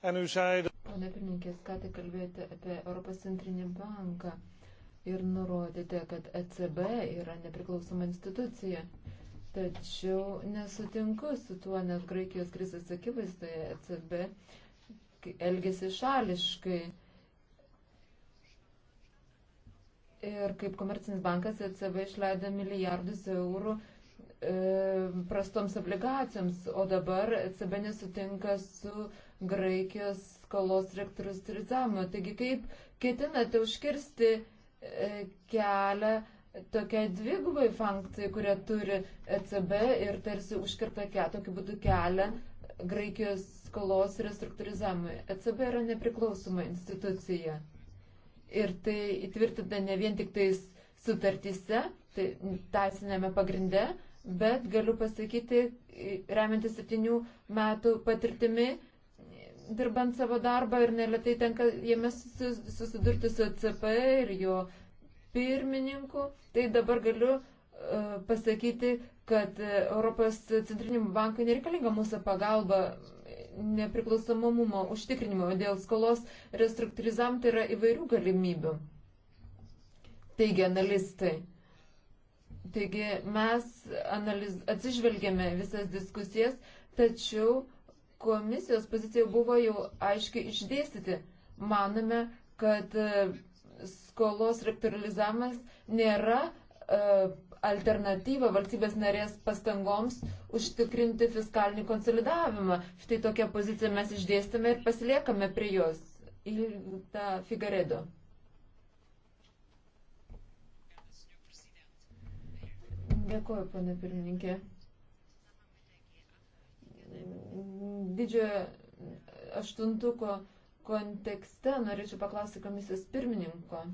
Pane pirmininkės, ką tik kalbėjote apie Europos centrinį banką ir nurodėte, kad ECB yra nepriklausoma institucija. Tačiau nesutinku su tuo, nes Graikijos krizės akivaizdoje ECB elgesi šališkai. Ir kaip komercinis bankas ECB išleido milijardus eurų e, prastoms obligacijoms, o dabar ECB nesutinka su Graikijos skolos rektorizavimu. Taigi kaip ketinate užkirsti e, kelią tokiai dvigubai funkcijai, kurią turi ECB ir tarsi užkirta kelią, tokiu būdu kelią Graikijos skolos restruktūrizavimui. ECB yra nepriklausoma institucija. Ir tai įtvirtinta ne vien tik tais sutartyse, tai teisinėme pagrinde, bet galiu pasakyti, remiantis septynių metų patirtimi, dirbant savo darbą ir neletai tenka jame susidurti su ACP ir jo pirmininku, tai dabar galiu e, pasakyti, kad Europos centriniam bankui nereikalinga mūsų pagalba, nepriklausomumo užtikrinimo, dėl skolos restruktūrizam tai yra įvairių galimybių, teigia analistai. Taigi mes analiz, atsižvelgėme visas diskusijas, tačiau komisijos pozicija buvo jau aiškiai išdėstyti. Manome, kad skolos rektorializavimas nėra uh, alternatyva valstybės narės pastangoms užtikrinti fiskalinį konsolidavimą. Štai tokią poziciją mes išdėstame ir pasiliekame prie jos. Į tą Figaredo. Dėkuoju, pane pirmininkė. Didžiojo aštuntuko kontekste norėčiau paklausti komisijos pirmininko.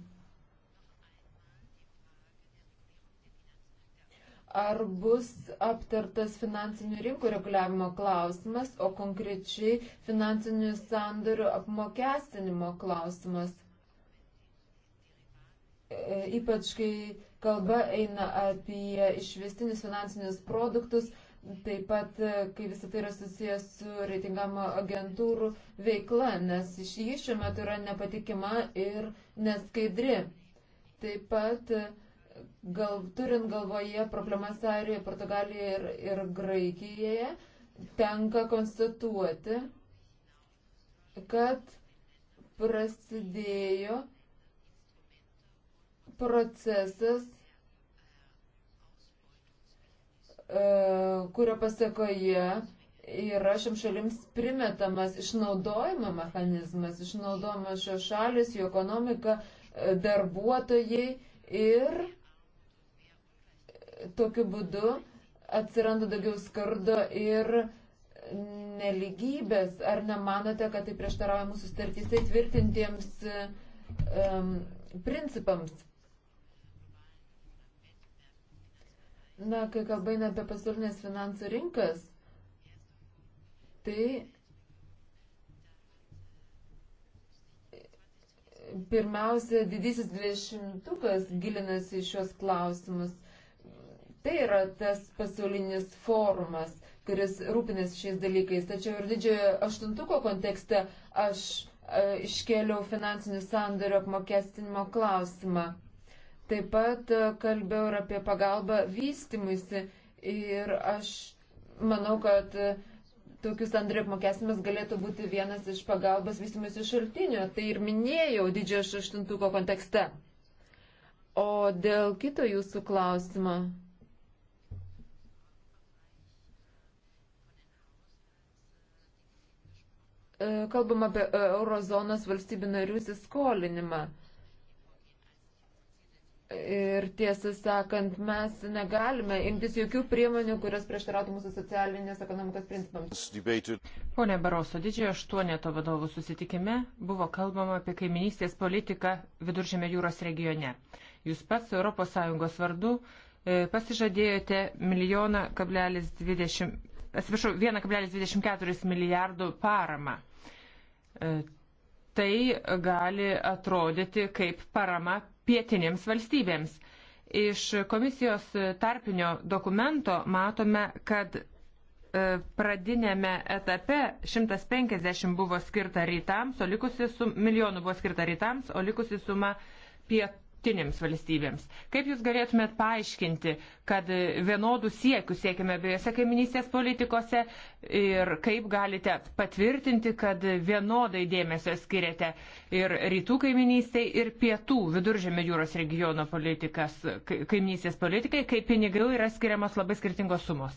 ar bus aptartas finansinių rinkų reguliavimo klausimas, o konkrečiai finansinių sandorių apmokestinimo klausimas. E, ypač kai kalba eina apie išvestinius finansinius produktus, taip pat e, kai visą tai yra susijęs su reitingamo agentūrų veikla, nes iš jį šiuo metu yra nepatikima ir neskaidri. Taip pat e, gal, turint galvoje problemas Airijoje, Portugalijoje ir, ir Graikijoje, tenka konstatuoti, kad prasidėjo procesas, e, kurio pasakoje yra šiam šalims primetamas išnaudojimo mechanizmas, išnaudojama šios šalis, jų ekonomika, e, darbuotojai ir tokiu būdu atsiranda daugiau skardo ir neligybės. Ar nemanote, kad tai prieštarauja mūsų sutartyse įtvirtintiems um, principams? Na, kai kalba eina apie pasaulinės finansų rinkas, tai pirmiausia, didysis dvidešimtukas gilinasi į šios klausimus. Tai yra tas pasaulinis forumas, kuris rūpinasi šiais dalykais. Tačiau ir didžiojo aštuntuko kontekste aš e, iškėliau finansinių sandorių apmokestinimo klausimą. Taip pat e, kalbėjau ir apie pagalbą vystimuisi ir aš manau, kad e, tokius Andrė apmokestimas galėtų būti vienas iš pagalbos vystimusių šaltinių. Tai ir minėjau didžiojo aštuntuko kontekste. O dėl kito jūsų klausimo. E, kalbam apie e, eurozonos valstybių narių įsiskolinimą. Ir tiesą sakant, mes negalime imtis jokių priemonių, kurios prieštarautų mūsų socialinės ekonomikos principams. Pone Baroso, didžiojo aštuoneto vadovų susitikime buvo kalbama apie kaiminystės politiką Viduržėmė jūros regione. Jūs pats ES vardu e, pasižadėjote milijoną kablelis 20, atsiprašau, 1,24 milijardų paramą E, tai gali atrodyti kaip parama pietinėms valstybėms. Iš komisijos tarpinio dokumento matome, kad e, pradinėme etape 150 buvo skirta rytams, o likusi sum, milijonų buvo skirta rytams, o likusi suma pietų jungtinėms valstybėms. Kaip Jūs galėtumėt paaiškinti, kad vienodų siekių siekime abiejose kaiminystės politikose ir kaip galite patvirtinti, kad vienodai dėmesio skiriate ir rytų kaiminystėj, ir pietų viduržėmio jūros regiono politikas, kaiminystės politikai, kai pinigai yra skiriamos labai skirtingos sumos?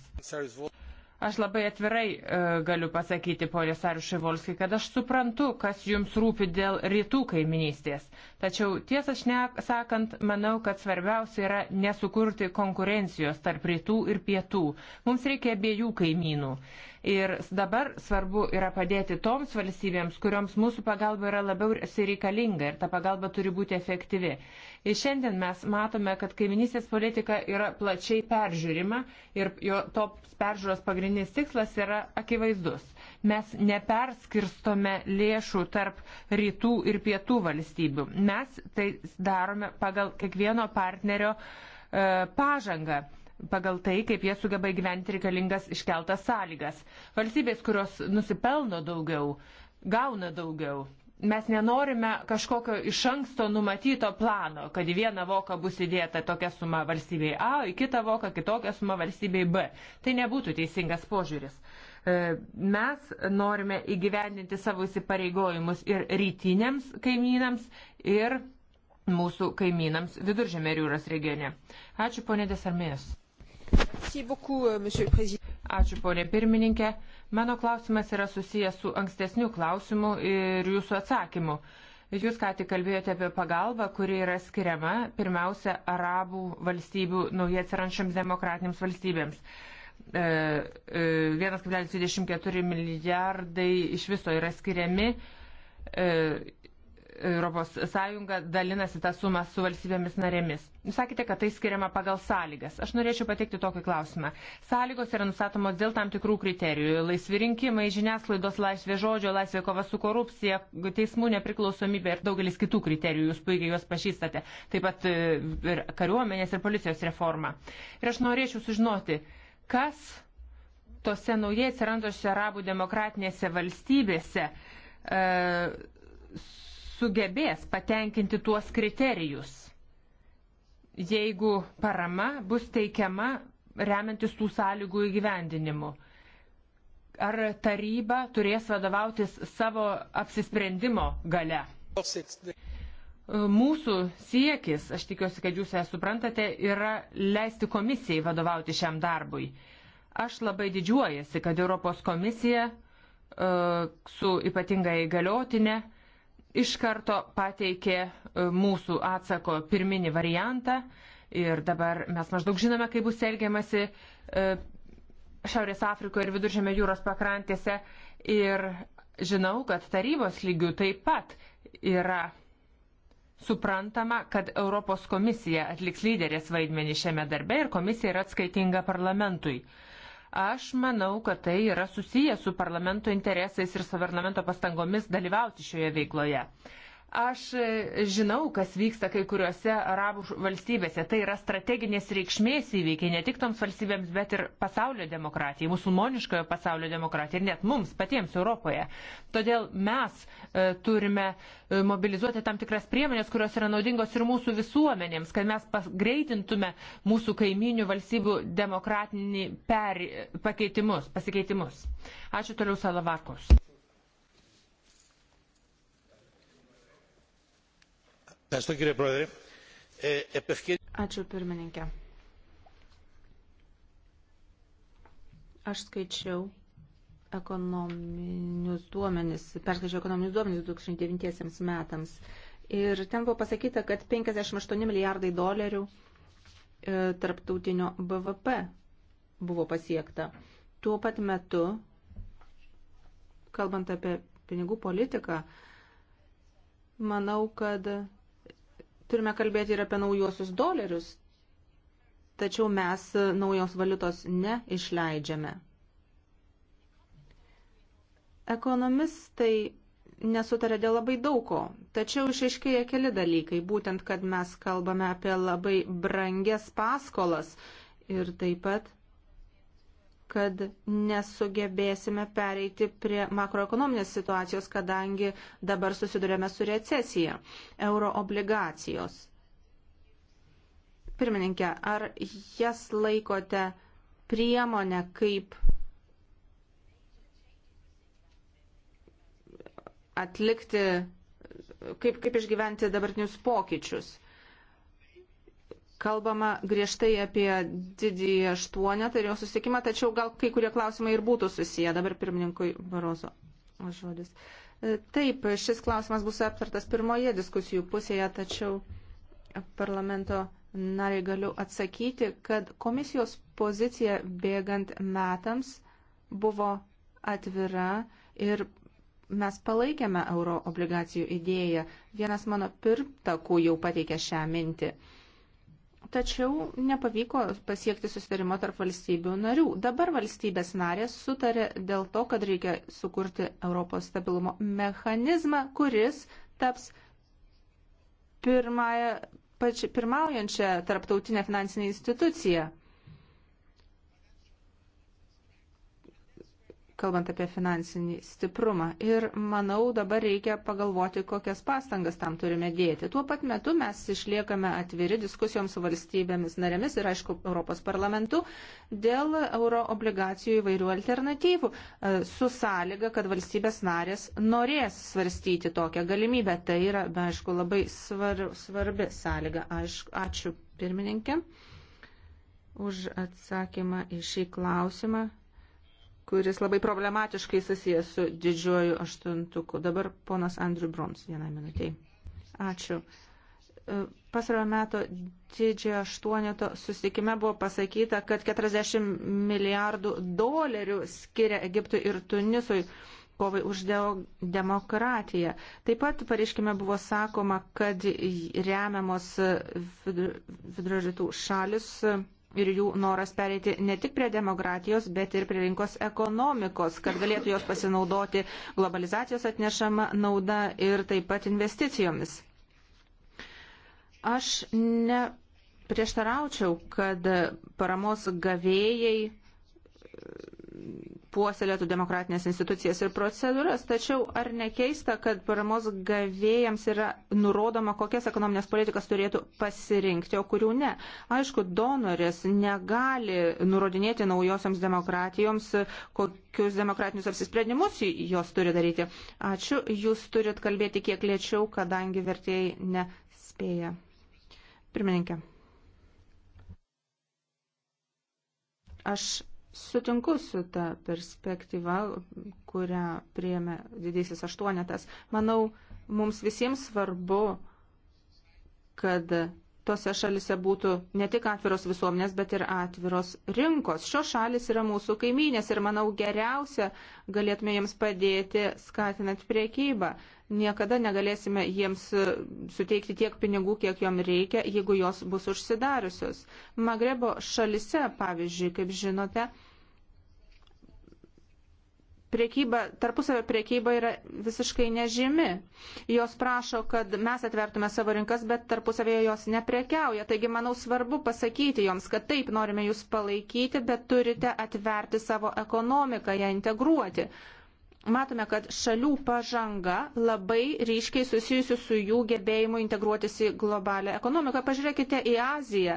Aš labai atvirai e, galiu pasakyti, ponė Sariušai Volskai, kad aš suprantu, kas jums rūpi dėl rytų kaiminystės. Tačiau tiesą sakant, manau, kad svarbiausia yra nesukurti konkurencijos tarp rytų ir pietų. Mums reikia abiejų kaimynų. E, Ir dabar svarbu yra padėti toms valstybėms, kurioms mūsų pagalba yra labiau reikalinga ir ta pagalba turi būti efektyvi. Ir šiandien mes matome, kad kaiminysės politika yra plačiai peržiūrima ir jo to peržiūros pagrindinis tikslas yra akivaizdus. Mes neperskirstome lėšų tarp rytų ir pietų valstybių. Mes tai darome pagal kiekvieno partnerio e, pažangą pagal tai, kaip jie sugeba įgyventi reikalingas iškeltas sąlygas. Valstybės, kurios nusipelno daugiau, gauna daugiau. Mes nenorime kažkokio iš anksto numatyto plano, kad į vieną voką bus įdėta tokia suma valstybei A, į kitą voką kitokia suma valstybei B. Tai nebūtų teisingas požiūris. E, mes norime įgyvendinti savo įsipareigojimus ir rytiniams kaimynams, ir mūsų kaimynams viduržėmė jūros regione. Ačiū ponė Desarmės. Euh, Ačiū, ponė pirmininkė. Mano klausimas yra susijęs su ankstesniu klausimu ir jūsų atsakymu. Jūs ką tik kalbėjote apie pagalbą, kuri yra skiriama pirmiausia arabų valstybių naujai atsirančiams demokratinėms valstybėms. 1,24 e, e, milijardai iš viso yra skiriami e, ES dalinasi tą sumą su valstybėmis narėmis. Jūs sakėte, kad tai skiriama pagal sąlygas. Aš norėčiau pateikti tokį klausimą. Sąlygos yra nustatomos dėl tam tikrų kriterijų. Laisvi rinkimai, žiniasklaidos laisvė žodžio, laisvė kova su korupcija, teismų nepriklausomybė ir daugelis kitų kriterijų. Jūs puikiai juos pažįstate. Taip pat e, ir kariuomenės ir policijos reforma. Ir aš norėčiau sužinoti, kas tose naujai atsirandančiose arabų demokratinėse valstybėse e, sugebės patenkinti tuos kriterijus, jeigu parama bus teikiama remiantis tų sąlygų įgyvendinimu. Ar taryba turės vadovautis savo apsisprendimo gale? Mūsų siekis, aš tikiuosi, kad jūs ją suprantate, yra leisti komisijai vadovauti šiam darbui. Aš labai didžiuojasi, kad Europos komisija e, su ypatinga įgaliotinė iš karto pateikė e, mūsų atsako pirminį variantą ir dabar mes maždaug žinome, kaip bus elgiamasi e, Šiaurės Afrikoje ir Viduržėme jūros pakrantėse ir žinau, kad tarybos lygių taip pat yra suprantama, kad Europos komisija atliks lyderės vaidmenį šiame darbe ir komisija yra atskaitinga parlamentui. Aš manau, kad tai yra susiję su parlamento interesais ir su parlamento pastangomis dalyvauti šioje veikloje. Aš e, žinau, kas vyksta kai kuriuose arabų valstybėse. Tai yra strateginės reikšmės įvykiai ne tik toms valstybėms, bet ir pasaulio demokratijai, musulmoniškojo pasaulio demokratijai ir net mums patiems Europoje. Todėl mes e, turime e, mobilizuoti tam tikras priemonės, kurios yra naudingos ir mūsų visuomenėms, kad mes greitintume mūsų kaiminių valstybių demokratinį per, pakeitimus, pasikeitimus. Ačiū toliau Salavakos. Ačiū pirmininkė. Aš skaičiau ekonominius duomenis, perskaičiau ekonominius duomenis 2009 metams. Ir ten buvo pasakyta, kad 58 milijardai dolerių e, tarptautinio BVP buvo pasiekta. Tuo pat metu, kalbant apie pinigų politiką, manau, kad turime kalbėti ir apie naujuosius dolerius, tačiau mes naujos valiutos neišleidžiame. Ekonomistai nesutarė dėl labai daugo, tačiau išaiškėja keli dalykai, būtent kad mes kalbame apie labai brangias paskolas ir taip pat kad nesugebėsime pereiti prie makroekonominės situacijos, kadangi dabar susidurėme su recesija. Euro obligacijos. Pirmininkė, ar jas laikote priemonę kaip atlikti, kaip, kaip išgyventi dabartinius pokyčius? Kalbama griežtai apie didįjį aštuonę, tai jo susitikimą, tačiau gal kai kurie klausimai ir būtų susiję. Dabar pirmininkui Barozo žodis. E, taip, šis klausimas bus aptartas pirmoje diskusijų pusėje, tačiau parlamento nariai galiu atsakyti, kad komisijos pozicija bėgant metams buvo atvira ir mes palaikėme euro obligacijų idėją. Vienas mano pirmtakų jau pateikė šią mintį tačiau nepavyko pasiekti susitarimo tarp valstybių narių. Dabar valstybės narės sutarė dėl to, kad reikia sukurti Europos stabilumo mechanizmą, kuris taps pirmąją, pač, pirmaujančią tarptautinę finansinę instituciją. kalbant apie finansinį stiprumą. Ir manau, dabar reikia pagalvoti, kokias pastangas tam turime dėti. Tuo pat metu mes išliekame atviri diskusijoms su valstybėmis narėmis ir, aišku, Europos parlamentu dėl euro obligacijų įvairių alternatyvų, e, su sąlyga, kad valstybės narės norės svarstyti tokią galimybę. Tai yra, be, aišku, labai svar, svarbi sąlyga. Aišku, ačiū pirmininkė už atsakymą į šį klausimą kuris labai problematiškai susijęs su didžiuoju aštuntuku. Dabar ponas Andriu Broms vienai minutiai. Ačiū. E, Pasarojo meto didžiojo aštuoneto susitikime buvo pasakyta, kad 40 milijardų dolerių skiria Egiptui ir Tunisui kovai už demokratiją. Taip pat pareiškime buvo sakoma, kad remiamos vidurio rytų šalis ir jų noras pereiti ne tik prie demokratijos, bet ir prie rinkos ekonomikos, kad galėtų jos pasinaudoti globalizacijos atnešama nauda ir taip pat investicijomis. Aš neprieštaraučiau, kad paramos gavėjai puoselėtų demokratinės institucijas ir procedūras. Tačiau ar nekeista, kad paramos gavėjams yra nurodoma, kokias ekonominės politikas turėtų pasirinkti, o kurių ne? Aišku, donoris negali nurodinėti naujosiams demokratijoms, kokius demokratinius apsisprendimus jos turi daryti. Ačiū, jūs turit kalbėti kiek lėčiau, kadangi vertėjai nespėja. Pirmininkė. Aš sutinku su ta perspektyva, kurią priėmė didysis aštuonetas. Manau, mums visiems svarbu, kad tose šalise būtų ne tik atviros visuomenės, bet ir atviros rinkos. Šios šalis yra mūsų kaimynės ir, manau, geriausia galėtume jiems padėti skatinant priekybą niekada negalėsime jiems e, suteikti tiek pinigų, kiek jom reikia, jeigu jos bus užsidariusios. Magrebo šalise, pavyzdžiui, kaip žinote, priekyba, tarpusavio priekyba yra visiškai nežymi. Jos prašo, kad mes atvertume savo rinkas, bet tarpusavėje jos neprekiauja. Taigi, manau, svarbu pasakyti joms, kad taip norime jūs palaikyti, bet turite atverti savo ekonomiką, ją integruoti matome, kad šalių pažanga labai ryškiai susijusi su jų gebėjimu integruotis į globalią ekonomiką. Pažiūrėkite į Aziją.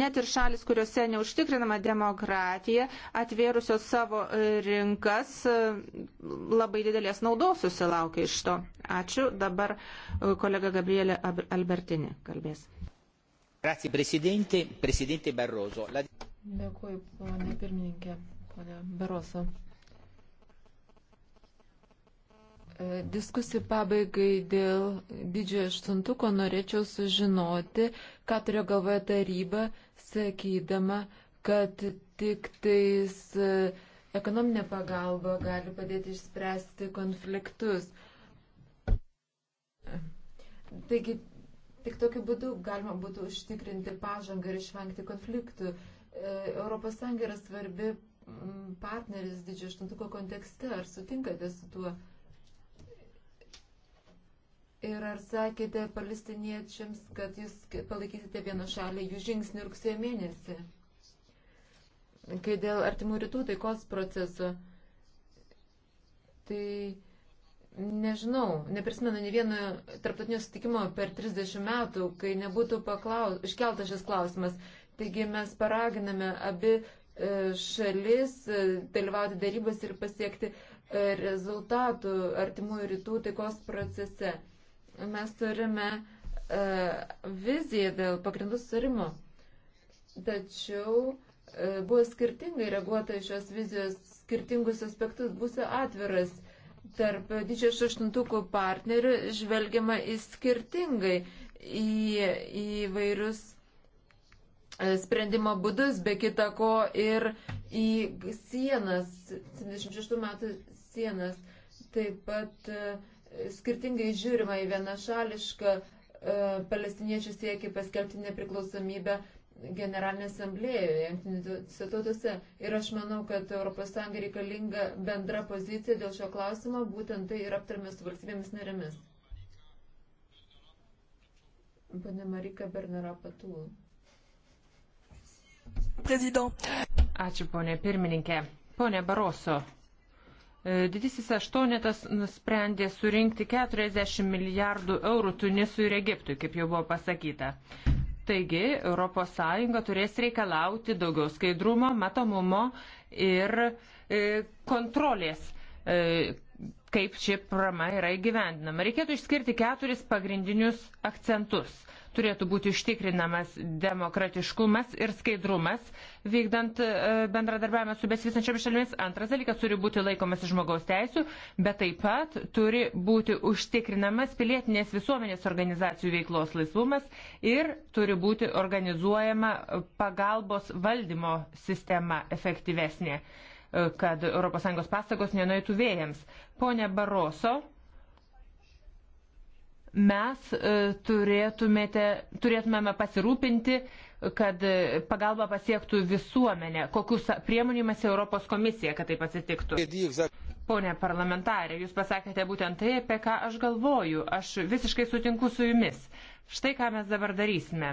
Net ir šalis, kuriuose neužtikrinama demokratija, atvėrusios savo e, rinkas, e, labai didelės naudos susilaukia iš to. Ačiū. Dabar e, kolega Gabrielė Albertini kalbės. Grazie, Presidente. Presidente Barroso. La... Dėkui, ponė pirmininkė, ponė Baroso. E, diskusijų pabaigai dėl didžiojo aštuntuko norėčiau sužinoti, ką turėjo galvoje taryba, sakydama, kad tik tais e, ekonominė pagalba gali padėti išspręsti konfliktus. Taigi, tik tokiu būdu galima būtų užtikrinti pažangą ir išvengti konfliktų. ES yra svarbi partneris didžiojo aštuntuko kontekste. Ar sutinkate su tuo? Ir ar sakėte palestiniečiams, kad jūs palaikysite vieną šalį jų žingsnių rugsėjo mėnesį? Kai dėl artimų rytų taikos proceso, tai nežinau, neprisimenu ne vieno tarptautinio sutikimo per 30 metų, kai nebūtų paklaus, iškeltas šis klausimas. Taigi mes paraginame abi e, šalis e, dalyvauti darybas ir pasiekti e, rezultatų artimųjų rytų taikos procese mes turime e, viziją dėl pagrindų surimo. Tačiau e, buvo skirtingai reaguota į šios vizijos skirtingus aspektus. Būsiu atviras, tarp didžiojo šeštintukų partnerių žvelgiama į skirtingai į įvairius e, sprendimo būdus, be kita ko ir į sienas, 76 metų sienas. Taip pat uh, skirtingai žiūrima į vienašališką e, palestiniečių siekį paskelbti nepriklausomybę generalinė asamblėjoje, jungtinėse tautose. Ir aš manau, kad ES reikalinga bendra pozicija dėl šio klausimo, būtent tai ir aptarėme su valstybėmis narėmis. Pane Marika Bernara Patul. Prezident. Ačiū, ponė pirmininkė. Pone Baroso, Didysis aštuonetas nusprendė surinkti 40 milijardų eurų Tunisui ir Egiptui, kaip jau buvo pasakyta. Taigi ES turės reikalauti daugiau skaidrumo, matomumo ir e, kontrolės, e, kaip ši prama yra įgyvendinama. Reikėtų išskirti keturis pagrindinius akcentus turėtų būti užtikrinamas demokratiškumas ir skaidrumas vykdant e, bendradarbiavimą su besivystančiomis šalimis. Antras dalykas turi būti laikomas žmogaus teisų, bet taip pat turi būti užtikrinamas pilietinės visuomenės organizacijų veiklos laisvumas ir turi būti organizuojama pagalbos valdymo sistema efektyvesnė e, kad ES pastagos nenueitų vėjams. Pone Baroso, mes e, turėtumėme pasirūpinti, kad pagalba pasiektų visuomenę. Kokius priemonėmis Europos komisija, kad taip atsitiktų. Pone parlamentarė, jūs pasakėte būtent tai, apie ką aš galvoju. Aš visiškai sutinku su jumis. Štai ką mes dabar darysime.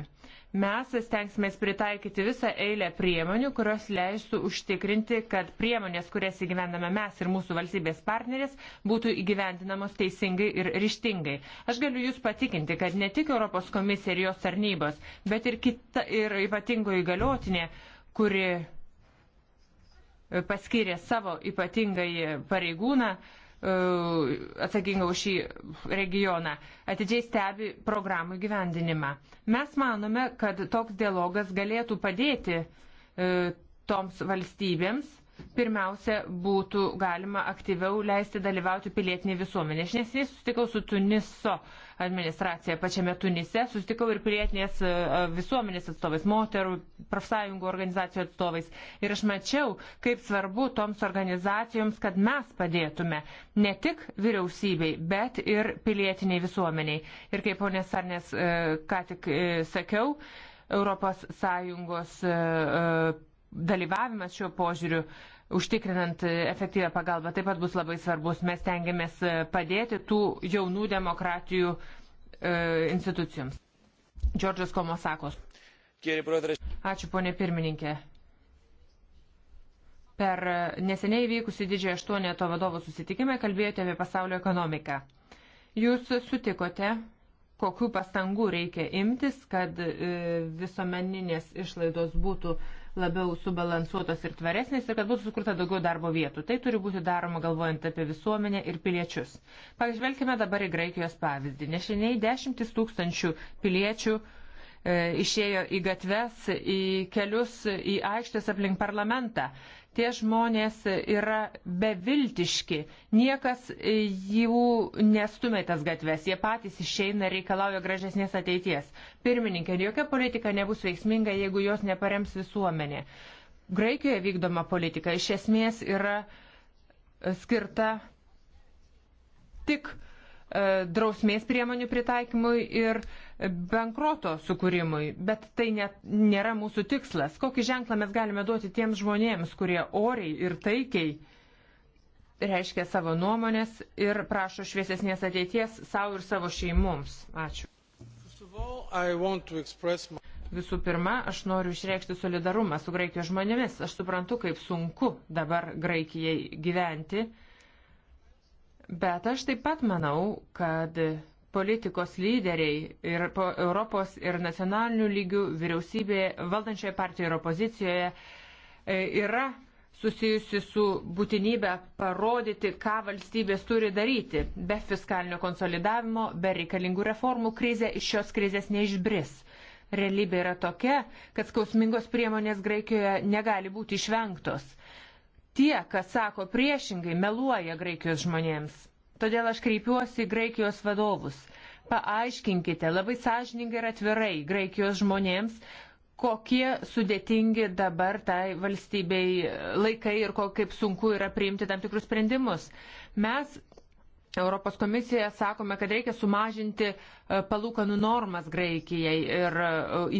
Mes stengsime pritaikyti visą eilę priemonių, kurios leistų užtikrinti, kad priemonės, kurias įgyvendame mes ir mūsų valstybės partneris, būtų įgyvendinamos teisingai ir ryštingai. Aš galiu Jūs patikinti, kad ne tik Europos komisija ir jos tarnybos, bet ir, kita, ir ypatingo įgaliotinė, kuri paskyrė savo ypatingai pareigūną e, atsakingą už šį regioną, atidžiai stebi programų gyvendinimą. Mes manome, kad toks dialogas galėtų padėti e, toms valstybėms pirmiausia, būtų galima aktyviau leisti dalyvauti pilietinį visuomenę. Aš neseniai susitikau su Tuniso administracija pačiame Tunise, sustikau ir pilietinės e, e, visuomenės atstovais, moterų, profsąjungų organizacijų atstovais. Ir aš mačiau, kaip svarbu toms organizacijoms, kad mes padėtume ne tik vyriausybei, bet ir pilietiniai visuomeniai. Ir kaip ponės Sarnės e, ką tik sakiau, ES dalyvavimas šiuo požiūriu užtikrinant efektyvę pagalbą, taip pat bus labai svarbus. Mes tengiamės e, padėti tų jaunų demokratijų e, institucijoms. Džordžas Komosakos. Ačiū, ponė pirmininkė. Per e, neseniai vykusi didžiąją aštuonėto vadovų susitikimą kalbėjote apie pasaulio ekonomiką. Jūs sutikote, kokių pastangų reikia imtis, kad e, visuomeninės išlaidos būtų uh, labiau subalansuotos ir tvaresnės ir kad būtų sukurta daugiau darbo vietų. Tai turi būti daroma galvojant apie visuomenę ir piliečius. Pažvelkime dabar į Graikijos pavyzdį. Nešiniai dešimtis tūkstančių piliečių uh, E, išėjo į gatves, į kelius, į aikštės aplink parlamentą. Tie žmonės yra beviltiški, niekas jų nestumė tas gatves, jie patys išeina ir reikalauja gražesnės ateities. Pirmininkė, jokia politika nebus veiksminga, jeigu jos neparems visuomenė. Graikijoje vykdoma politika iš esmės yra skirta tik uh, E, drausmės priemonių pritaikymui ir bankroto sukūrimui. Bet tai net nėra mūsų tikslas. Kokį ženklą mes galime duoti tiems žmonėms, kurie oriai ir taikiai reiškia savo nuomonės ir prašo šviesesnės ateities savo ir savo šeimoms. Ačiū. Visų pirma, aš noriu išreikšti solidarumą su Graikijos žmonėmis. Aš suprantu, kaip sunku dabar Graikijai gyventi Bet aš taip pat manau, kad politikos lyderiai ir po Europos ir nacionalinių lygių vyriausybėje, valdančioje partijoje ir opozicijoje e, yra susijusi su būtinybė parodyti, ką valstybės turi daryti. Be fiskalinio konsolidavimo, be reikalingų reformų krizė iš šios krizės neišbris. Realybė yra tokia, kad skausmingos priemonės Graikijoje negali būti išvengtos. Tie, kas sako priešingai, meluoja Graikijos žmonėms. Todėl aš kreipiuosi į Graikijos vadovus. Paaiškinkite labai sąžiningai ir atvirai Graikijos žmonėms, kokie sudėtingi dabar tai valstybei laikai ir ko, kaip sunku yra priimti tam tikrus sprendimus. Mes Europos komisija sakome, kad reikia sumažinti e, palūkanų normas Graikijai ir e,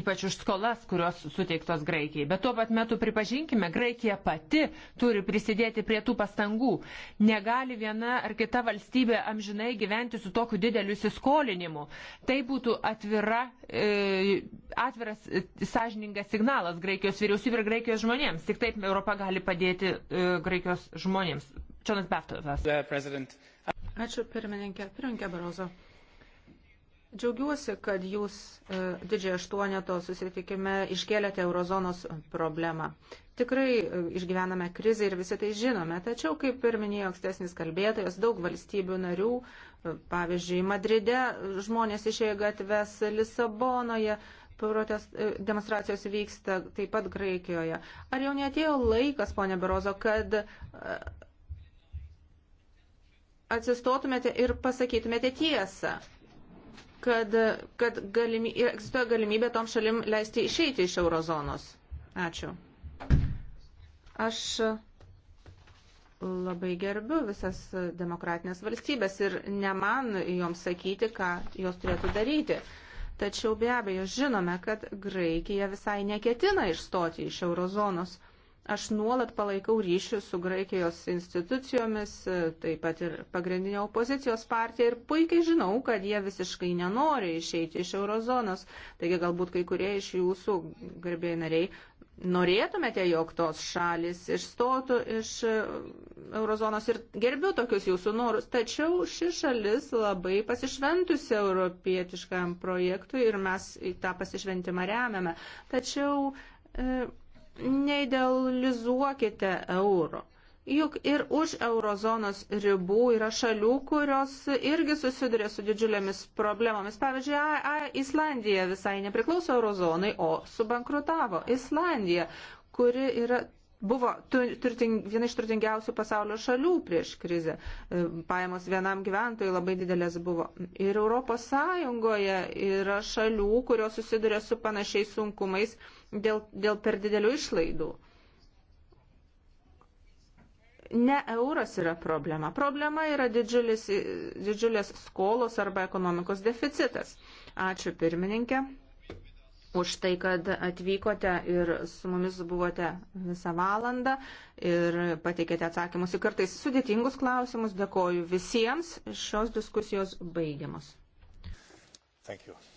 ypač už skolas, kurios suteiktos Graikijai. Bet tuo pat metu pripažinkime, Graikija pati turi prisidėti prie tų pastangų. Negali viena ar kita valstybė amžinai gyventi su tokiu dideliu įsiskolinimu. Tai būtų atvira, e, atviras sąžiningas signalas Graikijos vyriausybė ir Graikijos žmonėms. Tik taip Europa gali padėti Graikijos žmonėms. Čionas Beftovas. Ačiū pirmininkė. Pirmininkė Barozo. Džiaugiuosi, kad jūs e, didžiai aštuoneto susitikime iškėlėte eurozonos problemą. Tikrai e, išgyvename krizę ir visi tai žinome, tačiau, kaip ir minėjo ankstesnis kalbėtojas, daug valstybių narių, e, pavyzdžiui, Madride žmonės išėjo gatves Lisabonoje, protest, demonstracijos vyksta taip pat Graikijoje. Ar jau netėjo laikas, ponė Berozo, kad atsistotumėte ir pasakytumėte tiesą, kad, kad galimy, egzistuoja galimybė tom šalim leisti išeiti iš eurozonos. Ačiū. Aš labai gerbiu visas demokratinės valstybės ir ne man joms sakyti, ką jos turėtų daryti. Tačiau be abejo žinome, kad Graikija visai neketina išstoti iš eurozonos. Aš nuolat palaikau ryšių su Graikijos institucijomis, e, taip pat ir pagrindinė opozicijos partija ir puikiai žinau, kad jie visiškai nenori išeiti iš eurozonos. Taigi galbūt kai kurie iš jūsų, garbėjai nariai, norėtumėte, jog tos šalis išstotų iš e, eurozonos ir gerbiu tokius jūsų norus. Tačiau ši šalis labai pasišventusi europietiškam projektui ir mes tą pasišventimą remiame. Tačiau. E, neidealizuokite euro. Juk ir už eurozonos ribų yra šalių, kurios irgi susiduria su didžiulėmis problemomis. Pavyzdžiui, a, a, Islandija visai nepriklauso eurozonai, o subankrutavo. Islandija, kuri yra buvo turting, viena iš turtingiausių pasaulio šalių prieš krizę. E, pajamos vienam gyventojui labai didelės buvo. Ir Europos Sąjungoje yra šalių, kurios susiduria su panašiais sunkumais dėl, dėl per didelių išlaidų. Ne euras yra problema. Problema yra didžiulis, didžiulės skolos arba ekonomikos deficitas. Ačiū pirmininkė už tai, kad atvykote ir su mumis buvote visą valandą ir pateikėte atsakymus į kartais sudėtingus klausimus. Dėkoju visiems. Šios diskusijos baigiamos. Thank you.